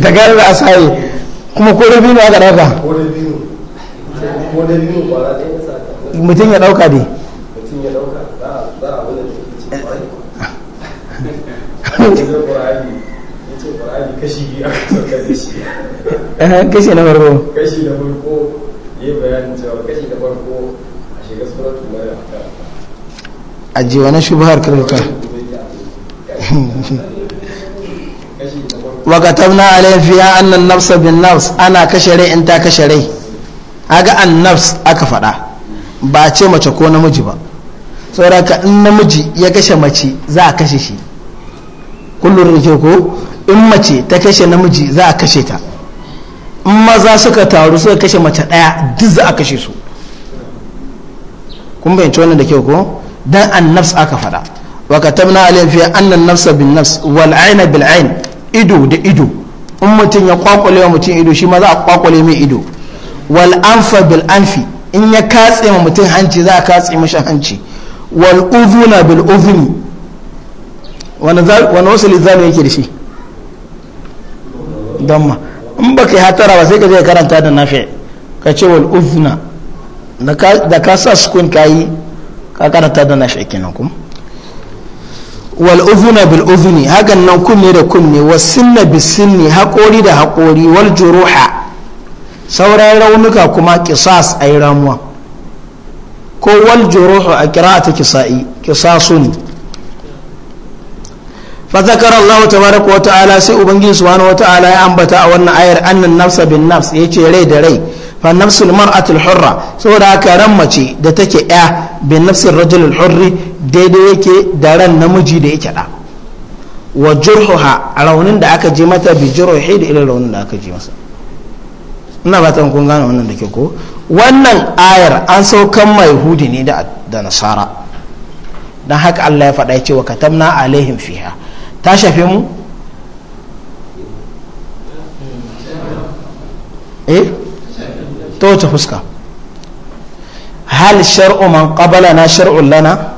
daga da asaye kuma ko da bino aka dauka mutum ya dauka dai kashi na farko kashi na farko ya bayanin cewa kashi na farko a shiga suratu mara a jiwa na shubhar karnuka wa katabna alayhim fiha anna an-nafs bin-nafs ana kashe rai in ta kashe rai aga an-nafs aka faɗa ba ce mace ko namiji ba saboda in namiji ya kashe mace za a kashe shi kullum da ko in mace ta kashe namiji za a kashe ta in maza suka taru suka kashe mace ɗaya duk za a kashe su kun bayyance da kyau ko dan an aka faɗa wa katabna alayhim fiha anna an bin-nafs wal-'ayna bil ido da ido in mutum ya kwakwale wa mutum ido shi ma za a kwakwale mai ido wal anfa bil anfi in ya katse ma mutum hanci za a katse mashi hanci wal uzuna bil uzuni wani wasu lizzano yake da shi don ma in baka yi hatara ba sai ka je karanta da nafi ka ce wal uzuna da ka sa sukun ka yi ka karanta da nafi kenan kuma wal uzuna bil hakan nan kunne da kunne was sinna haƙori da haƙori wal juruha saurayi raunuka kuma kisas yi ramuwa ko wal juruhu a qira'atu kisa'i kisasun fa zakara Allah tabaraka wa ta'ala sai ubangiji subhanahu wa ta'ala ya ambata a wannan ayar annan nafsa bin nafs ce rai da rai fa nafsul mar'atul hurra saboda haka ran mace da take ya bin nafsin rajulul hurri daidai yake da ran namiji da yake da wa jurhuha raunin da aka je mata bi jurhi da irin raunin da aka je masa ina ba kun gane wannan da ke ko wannan ayar an saukan mai hudi ne da nasara don haka Allah ya faɗa cewa katamna alaihim fiha ta shafe mu eh ta wace fuska hal shar'u man qabala na shar'u lana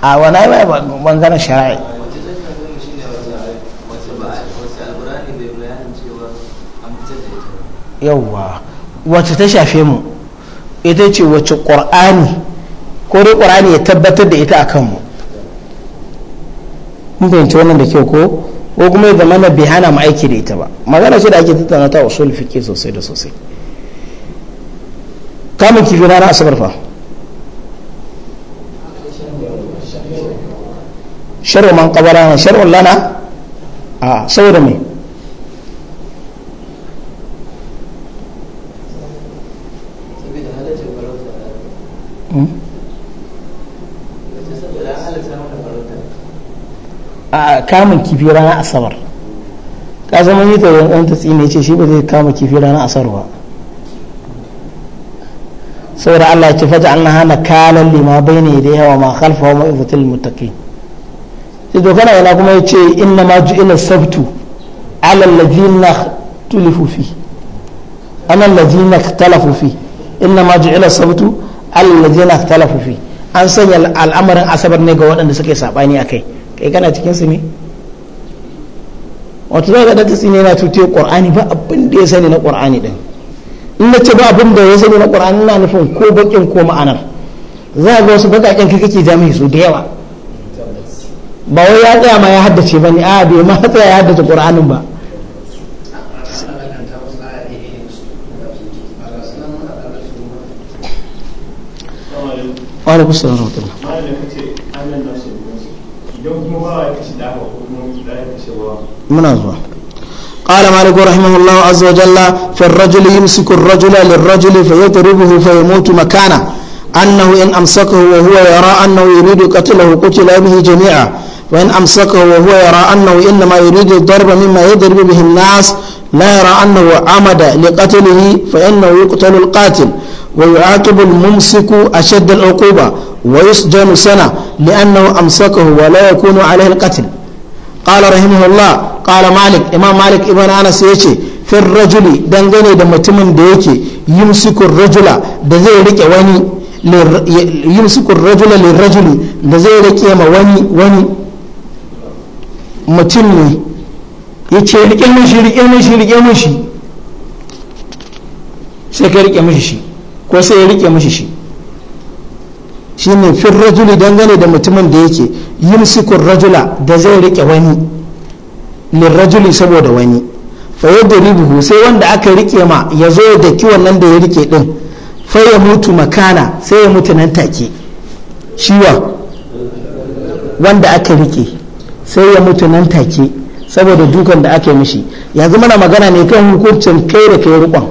a wani ai bangaren shari'a yawwa wacce ta shafe mu ita ce wacce ƙwar'ani ko dai ƙwar'ani ya tabbatar da ita a kanmu mun fahimci wannan da kyau ko ko kuma ya zama na bai hana mu aiki da ita ba magana ce da ake tattauna ta usul fiqh sosai da sosai kamun kifi ranar asabar fa shar'u man qabalana shar'un lana a saboda me a kamun kifi ranar asabar ka zama yi ta yan ta tsine ce shi ba zai kama kifi ranar asabar ba saboda Allah ya ce fata an hana kalan lima bai ne da yawa ma khalfa wa ma'ifatul muttaqin sai to kana yana kuma ce inna ma ju'ila sabtu ala na tulifu fi ana alladhina ikhtalafu fi inna ma ju'ila sabtu ala na talafufi fi an sanya al'amarin asabar ne ga waɗanda suke saɓani a kai kana cikin su ne wato zaka da tsini yana tutiyo qur'ani ba abin da ya sani na qur'ani din in na ce ba abin da ya sani na qur'ani na nufin ko bakin ko ma'anar za ga wasu bakakin kake jami'i su da yawa ba يا ما يحدث ma ya haddace ba ne a bai ma tsaya ya haddace ƙur'anin ba قال مالك رحمه الله عز وجل في الرجل يمسك الرجل للرجل فيضربه فيموت مكانه أنه إن أمسكه وهو يرى أنه يريد قتله قتل به جميعا وإن أمسكه وهو يرى أنه إنما يريد الضرب مما يضرب به الناس لا يرى أنه عمد لقتله فإنه يقتل القاتل ويعاقب الممسك أشد العقوبة ويسجن سنة لأنه أمسكه ولا يكون عليه القتل قال رحمه الله قال مالك إمام مالك ابن أنس يشي في الرجل دنجني دمتمن ديكي يمسك الرجل دزي ريك وني يمسك الرجل للرجل دزي ريك واني واني mutum ne ya ce rike mishi rike mishi rike mishi sai ka rike mishi shi ko sai ya rike mishi shi shi ne fin rajuli dangane da mutumin da yake yin sukun rajula da zai rike wani rajuli saboda wani fa yadda ribuhu sai wanda aka rike ma ya zo da kiwon nan da ya rike din fa ya mutu makana sai ya mutu nan take shiwa wanda aka rike sai ya mutu nan take saboda dukan da aka yi mishi yanzu mana magana ne kan hukuncin kai da kai rukon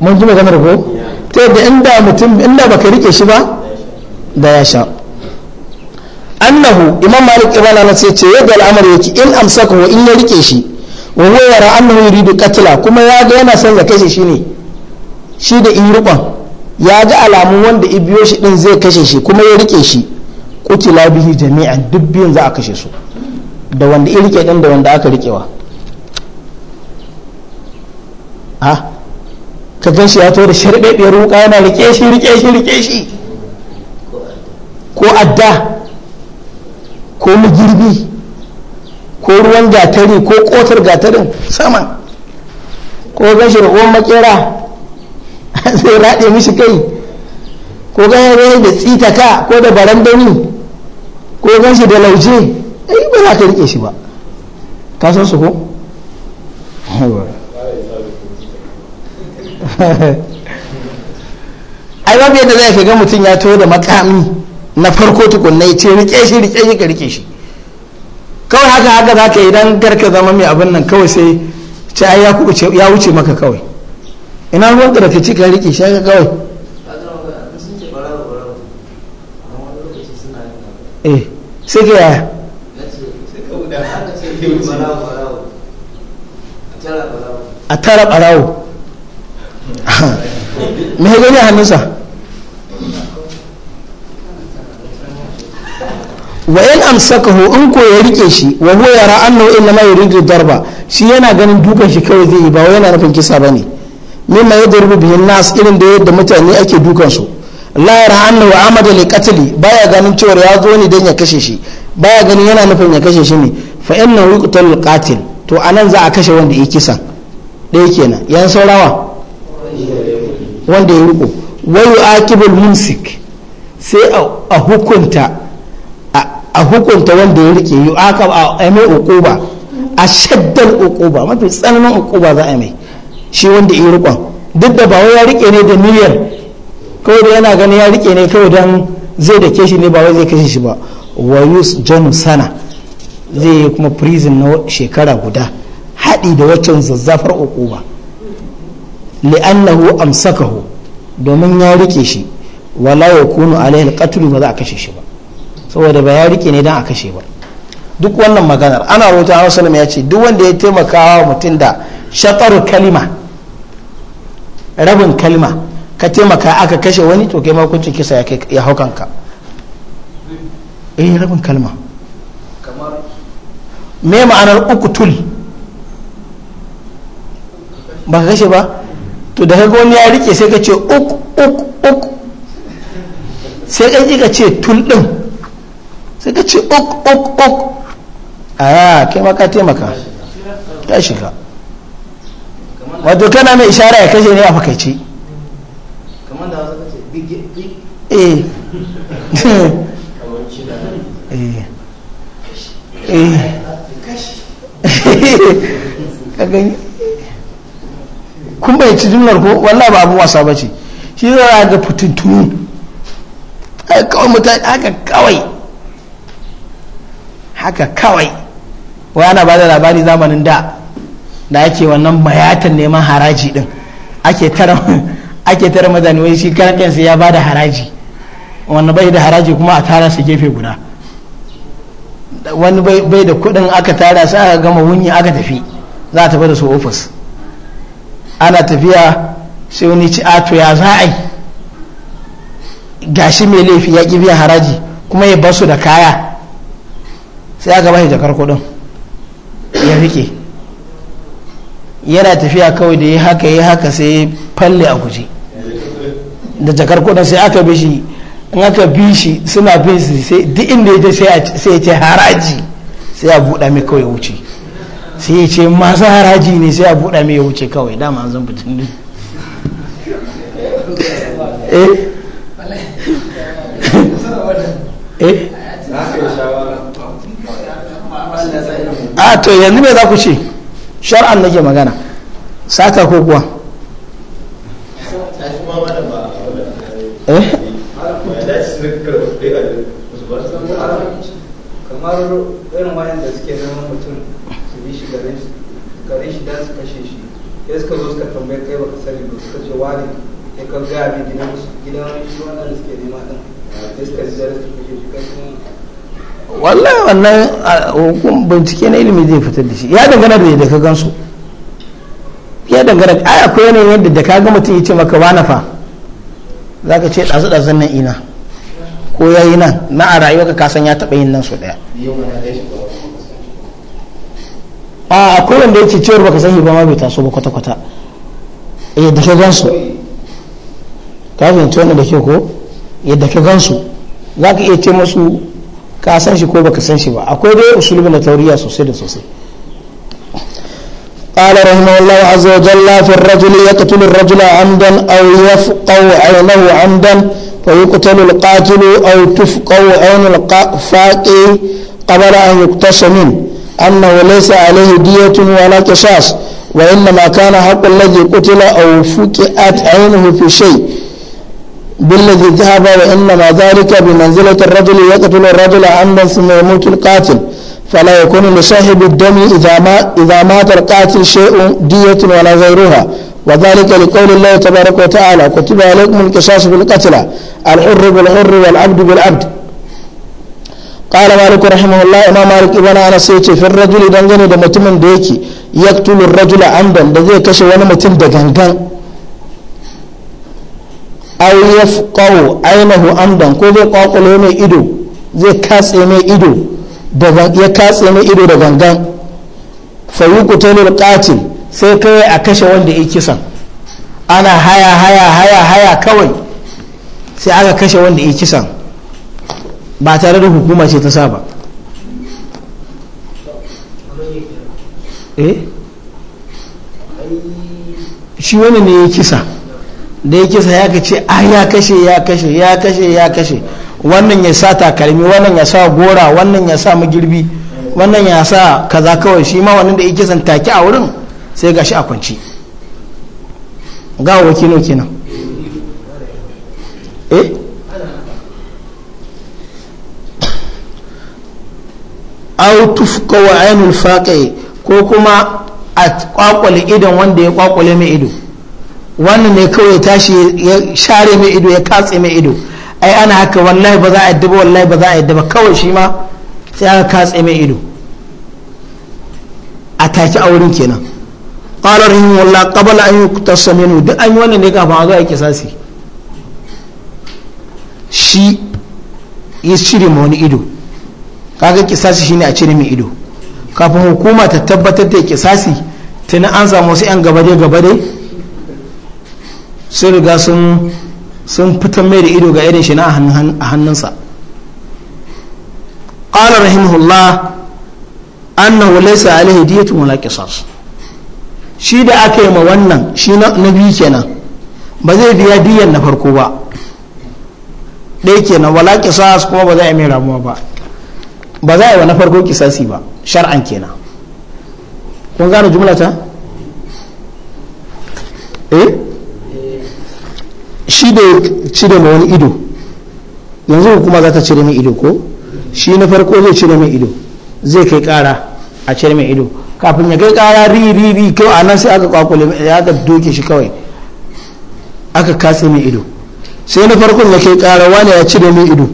mun ji maganar ko ta yadda inda mutum inda baka rike shi ba da ya sha annahu imam malik ibn anas yace yadda al'amari yake in amsaka wa in ya rike shi wa huwa yara annahu yuridu qatla kuma ya ga yana son ya kashe shi ne shi da in rukon ya ji alamun wanda ibiyo shi din zai kashe shi kuma ya rike shi kutila bihi jami'an duk biyun za a kashe su da wanda ya rike din da wanda aka rikewa ha ka gan shi ya to da sharbebiyar wuka yana rike shi rike shi rike shi ko adda ko magirbi ko ruwan gatari ko kotar gatarin sama ko gashi ruwan da makera zai raɗe mishi kai ko ga ya da tsitaka ko da barandani ko gan shi da lauje ai ba za ka rike shi ba ka san su ko ai babu yadda zai ka ga mutum ya taho da makami na farko tukunna ya ce rike shi rike shi ka rike shi kawai haka haka za ka idan garka zama mai abin nan kawai sai ya wuce maka kawai ina ruwan da ka cikin ka rike shi ka kawai eh sai ka yaya a tara barawo me ya gani a hannunsa wa in amsakahu in ko ya rike shi wa huwa yara annahu inma yuridu darba shi yana ganin dukan shi kawai zai yi ba wai yana nufin kisa bane mimma ya darbu bihin nas irin da yadda mutane ake dukan su la yarhanna wa amada li qatli baya ganin cewa ya zo ne dan ya kashe shi baya ganin yana nufin ya kashe shi ne fa innahu yuqtalu qatil to anan za a kashe wanda ya kisa dai kenan yan saurawa wanda ya riko wa yu'aqibul mumsik sai a hukunta a hukunta wanda ya rike akab a mai uquba a shaddal uquba mafi tsananin uquba za a mai shi wanda ya rikon duk da bawai ya rike ne da niyyar kawai da yana gani ya rike ne kawai don zai dake shi ne bawai zai kashe shi ba wayus john sana zai yi kuma prison na shekara guda haɗi da waccan zazzafar uquba li'annahu amsakahu domin ya rike shi wala a alaihi alqatl ba za a kashe shi ba saboda ba ya rike ne dan a kashe ba duk wannan maganar ana rawaita Annabi ya ce duk wanda ya taimaka wa mutum da shatar kalima rabin kalma ka taimaka aka kashe wani to kai ma hukuncin kisa ya hau kanka eh rabin kalma me ma'anar ukutul ba ka kashe ba to da kaga wani ya rike sai ka ce uk uk uk sai ka ka ce tul din sai ka ce uk uk uk a ah, kai ma ka taimaka ta shiga wato kana mai ishara ya kashe ne a fakaice kun ci jimlar ko wallah ba abu wasa ba ce shi zara ga fitintunu kawai mutane haka kawai haka kawai wa yana ba da labari zamanin da da ake wannan bayatan neman haraji din ake tara ake tara mutane wai shi karan kansa ya bada haraji wani bai da haraji kuma a tara su gefe guda wani bai da kudin aka tara su aka gama wunyi aka tafi za a tafi da su ofis ana tafiya sai wani ci ato ya za a yi gashi mai laifi ya biya haraji kuma ya basu da kaya sai aka bashi jakar kudin ya rike yana tafiya kawai da ya haka ya haka sai falle a guje da jakar kudin sai aka bi shi in aka bi shi suna bin su sai duk inda ya sai ya ce haraji sai a buɗa mai kawai wuce sai ya ce masu haraji ne sai a buɗa mai ya wuce kawai dama zan fitin ne eh, eh? a ah, to yanzu me za ku ce shar'an nake magana sata ko kuwa eh kamar irin wayan da suke neman mutum su bi shi garin shi da su kashe shi ya suka zo suka tambaye kai baka sani ba suka ce wani ya kan gaya mai gidan gidan shi wannan da suke nema din ya suka ji da su kashe shi kai kuma wallahi wannan hukum bincike na ilimi zai fitar da shi ya dangana da yadda ka gansu ya dangana ai akwai yanayin yadda da ka ga mutum ya ce maka wani fa za ka ce ɗazu ɗazun nan ina ko ya yi nan na a rayuwa ka kasan ya taɓa yin nan su ɗaya a akwai wanda ya ce cewar baka san ba ma bai taso ba kwata-kwata eh, yadda ka gansu ka fahimci wanda da ke ko yadda ka gansu za ka iya ce masu ka san shi ko baka san shi ba akwai dai usulubu na tauriya sosai da sosai قال رحمه الله عز وجل في الرجل يقتل الرجل عمدا أو يفقو عينه عمدا فيقتل القاتل أو تفقو عين الفاقي قبل أن يقتص منه أنه ليس عليه دية ولا قصاص وإنما كان حق الذي قتل أو فقئت عينه في شيء بالذي ذهب وإنما ذلك بمنزلة الرجل يقتل الرجل عمدا ثم يموت القاتل فلا يكون لصاحب الدم إذا, ما إذا مات القاتل شيء دية ولا غيرها وذلك لقول الله تبارك وتعالى كتب عليكم القصاص بالقتلى الحر بالحر والعبد بالعبد قال مالك رحمه الله إمام مالك ابن انا سيتي في الرجل دنجني دمتم ديكي يقتل الرجل عمدا دزي كشي ونمتم دغنغن ai ya kawo ainihu amdan ko zai kwakwalo mai ido zai katse mai ido ya katse mai ido da gangan fayu kutalul qatil sai kawai a kashe wanda ya kisan ana haya haya haya haya kawai sai aka kashe wanda ya kisan ba tare da hukuma ce ta saba eh shi wani ne ya kisa da ya kisa ya ce a ah, ya kashe ya kashe ya kashe ya kashe wannan ya sa takalmi wannan ya sa gora wannan ya sa magirbi wannan ya sa kaza kawai shi ma wannan da ya kisan take a wurin sai gashi a kwanci gawa wakilo kenan eh au tufka wa ainul faqi ko kuma a kwakwale idan wanda ya kwakwale mai ido wannan ne kawai tashi ya share mai ido ya katse mai ido ai ana haka wallahi ba za a yadda ba wallahi ba za a yadda ba kawai shi ma sai aka katse mai ido a take wurin kenan qala rahimahullah qabla an yuqtasa minhu duk an yi wannan ne kafin a zo a kisasi shi ya cire ma wani ido kaga kisasi shine a cire mai ido kafin hukuma ta tabbatar da kisasi tana an samu wasu yan gabade gabade sun riga sun sun fitan mai da ido ga irin shi na a hannunsa ƙala rahimahullah annahu laysa alaihi diyatun wala qisas shi da aka yi ma wannan shi na biyu kenan ba zai biya diyan na farko ba ɗaya kenan wala qisas kuma ba zai mai ramuwa ba ba za a wa na farko kisasi ba shar'an kenan kun gane jumla eh shi da cire ma wani ido yanzu kuma za ta cire mai ido ko shi na farko zai cire mai ido zai kai kara a cire mai ido kafin ya kai kara ri ri ri kyau a nan sai aka kwakwale ya ga doke shi kawai aka katse mai ido sai na farkon ya kai kara wani ya cire mai ido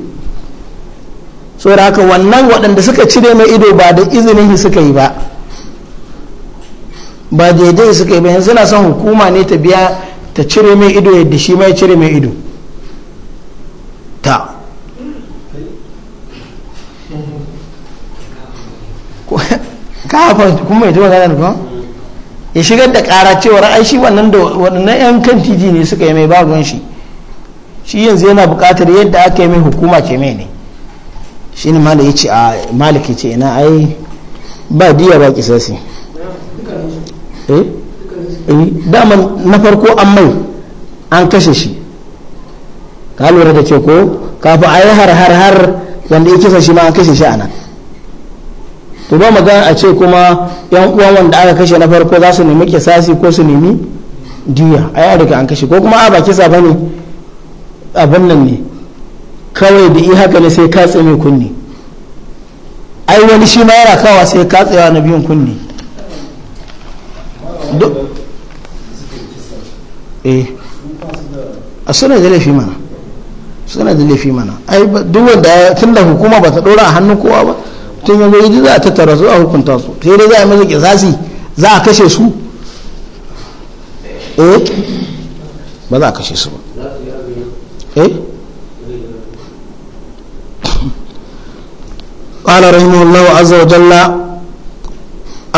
saboda haka wannan waɗanda suka cire mai ido ba da izinin suka yi ba ba daidai suka yi ba yanzu na son hukuma ne ta biya ta cire mai ido yadda shi mai cire mai ido ta kuma mai jima ganar ba ya shigar da kara cewar ai shi wannan da waɗannan 'yan kan titi ne suka yi mai ba gan shi shi yanzu yana buƙatar yadda aka yi mai hukuma ke mai ne shi ne maliki ce a malaki ce ina ai ba diya ba kisasi eh Eh, dama na farko an mai an kashe shi ka lura da ke ko kafin a yi har har har wanda ya kisa shi ma an kashe shi a nan to ba magana a ce kuma yan uwan wanda aka kashe na farko za su nemi kisasi ko su nemi diya a yi arika an kashe ko kuma a ba kisa ba ne abin nan ne kawai da iya haka ne sai ka tsame kunni ai wani shi ma yana kawa sai ka tsayawa na biyun kunni eh a suna da laifi mana suna da laifi mana ai duk wanda ya tunda hukuma ba ta dora a hannun kowa ba tun yanzu yanzu za a tattara su a hukunta su sai dai za a yi masa kisasi za a kashe su eh ba za a kashe su ba eh قال رحمه الله عز وجل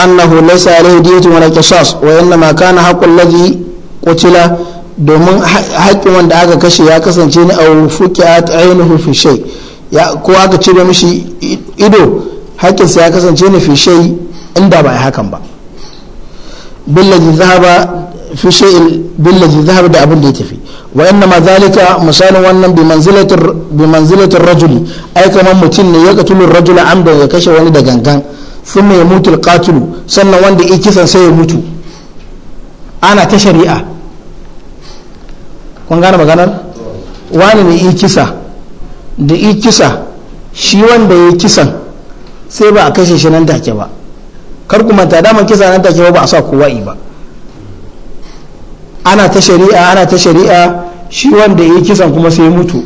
أنه ليس عليه دية ولا قصاص وإنما كان حق الذي qutila domin haƙƙin wanda aka kashe ya kasance ne aw fuqiat a fi ya ko aka cire mishi ido haƙƙinsa ya kasance ni fishe inda ba hakan ba billaji zahaba zahaba da abin da ya tafi wa inna ma zalika misalin wannan bi manzilatir rajuli ai kamar mutum ne ya katulu rajula amdan ya kashe wani da gangan sun ya mutu sannan wanda ya kisan sai ya mutu ana ta shari'a kun gane maganar wani ne yi kisa da yi kisa shi wanda ya kisan sai ba a kashe shi nan take ba kar ku manta dama kisa nan take ba a sa kowa yi ba ana ta shari'a ana ta shari'a shi wanda ya kisan kuma sai mutu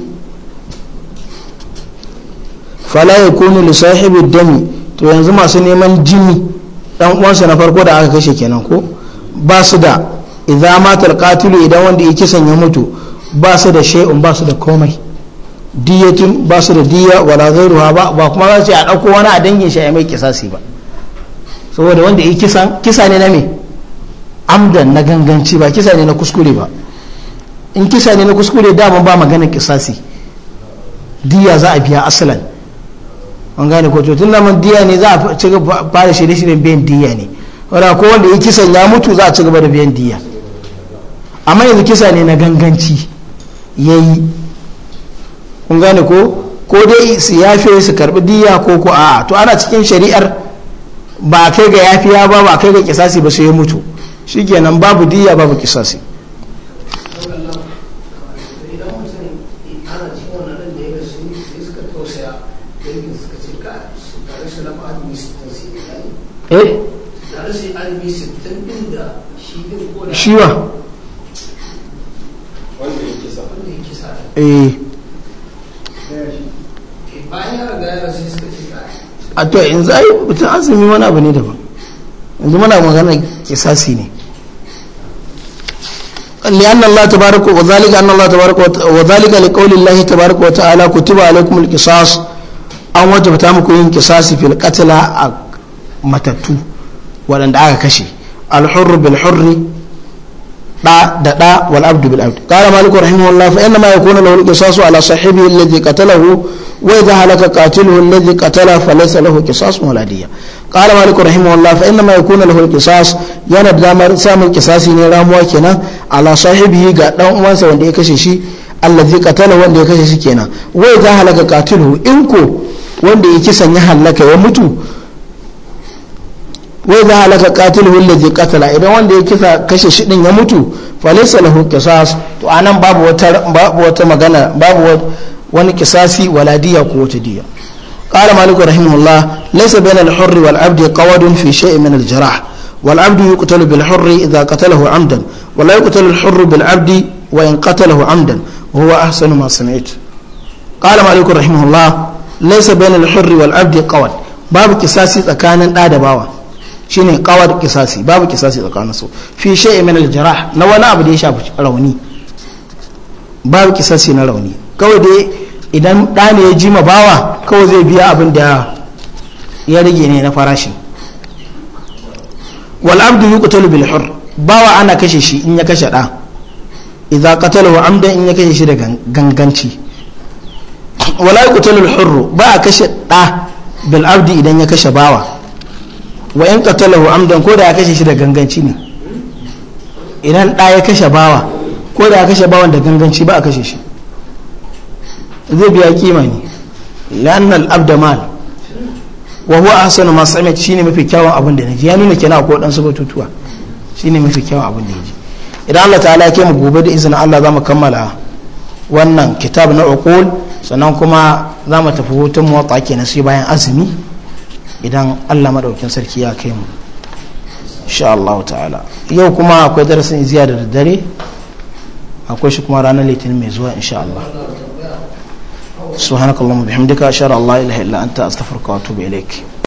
fala ya kunu li dami to yanzu masu neman jini dan uwansa na farko da aka kashe kenan ko ba su da idza mata alqatilu idan wanda ya son ya mutu ba su da shay'un ba su da komai diyatun ba su da diya wala ghairuha ba ba kuma za su a dauko wani a dangin shi a mai kisasi ba saboda wanda ya kisan kisa ne na me amdan na ganganci ba kisa ne na kuskure ba in kisa ne na kuskure dama ba magana kisasi diya za a biya asalan an gane ko to tunda man diya ne za a ci gaba fara shirye-shiryen biyan diya ne wanda ko wanda ya kisan ya mutu za a ci gaba da biyan diya amma yanzu kisa ne na ganganci ya yi kun gane ko ko dai su yafe su karbi diya ko ko a to ana cikin shari'ar ba kai ga yafiya ba ba kai ga kisasi ba sai ya mutu shikenan babu diya babu kisasi eh? shiwa eh a to yanzu ai mutum azumi wani abu ne daban yanzu muna magana kisasi ne لأن الله تبارك وذلك أن الله تبارك وذلك لقول الله تبارك وتعالى كتب عليكم القصاص أن وجبت أمكم القصاص في القتلى متتو ولن دعاك كشي الحر بالحر ɗa da ɗa wal abdu bil abdu qala malik rahimahullah fa inna ma yakunu lahu al qisasu ala sahibihi alladhi qatalahu wa idha halaka qatiluhu alladhi qatala fa laysa lahu qisas wala diya qala malik rahimahullah fa inna ma yakunu lahu al qisas yana da damar samun qisasi ne ramuwa kenan ala sahibihi ga dan uwansa wanda ya kashe shi alladhi qatala wanda ya kenan in ko wanda kisan ya ya mutu wai za halaka katil wille je katala idan wanda ya kisa kashe shidin ya mutu falisa lahu kisas to anan babu wata babu wata magana babu wani kisasi waladiya ko wata diya qala malik rahimahullah laysa bain al hurri wal abdi qawadun fi shay'in min al jarah wal abdi yuqtalu bil hurri idha qatalahu amdan wa la yuqtalu al hurri bil abdi wa in qatalahu amdan wa huwa ahsanu ma sami'at qala malik rahimahullah laysa bain al hurri wal abdi qawad babu kisasi tsakanin da da bawa shine kawar kisasi babu kisasi tsakanin su fi shay'in min al-jarah na wani abu da ya shafi rauni babu kisasi na rauni kawai dai idan da ne ya ji ma bawa kawai zai biya abin da ya rage ne na farashi wal abdu yuqtalu bil hur bawa ana kashe shi in ya kashe da idza qatalahu amdan in ya kashe shi da ganganci wala yuqtalu al hurru ba a kashe da bil abdi idan ya kashe bawa wa in qatalahu amdan ko da ya kashe shi da ganganci ne idan da ya kashe bawa ko da ya kashe bawan da ganganci ba a kashe shi zai biya kima ne lanna al-abda mal wa huwa ahsanu ma sami'a shine mafi kyawun abin da naji ya nuna kina ko dan sabo tutuwa shine mafi kyawun abin da naji idan Allah ta'ala ke mu gobe da izinin Allah za mu kammala wannan kitab na uqul sannan kuma za mu tafi hutun muwatta kenan sai bayan azumi idan allah maɗaukin sarki ya kai mu insha Allah ta'ala yau kuma akwai darasin iziya da daddare akwai shi kuma ranar litinin mai zuwa insha Allah subhanakallahumma bihamdika ashhadu an la ilaha illa anta astaghfiruka wa atubu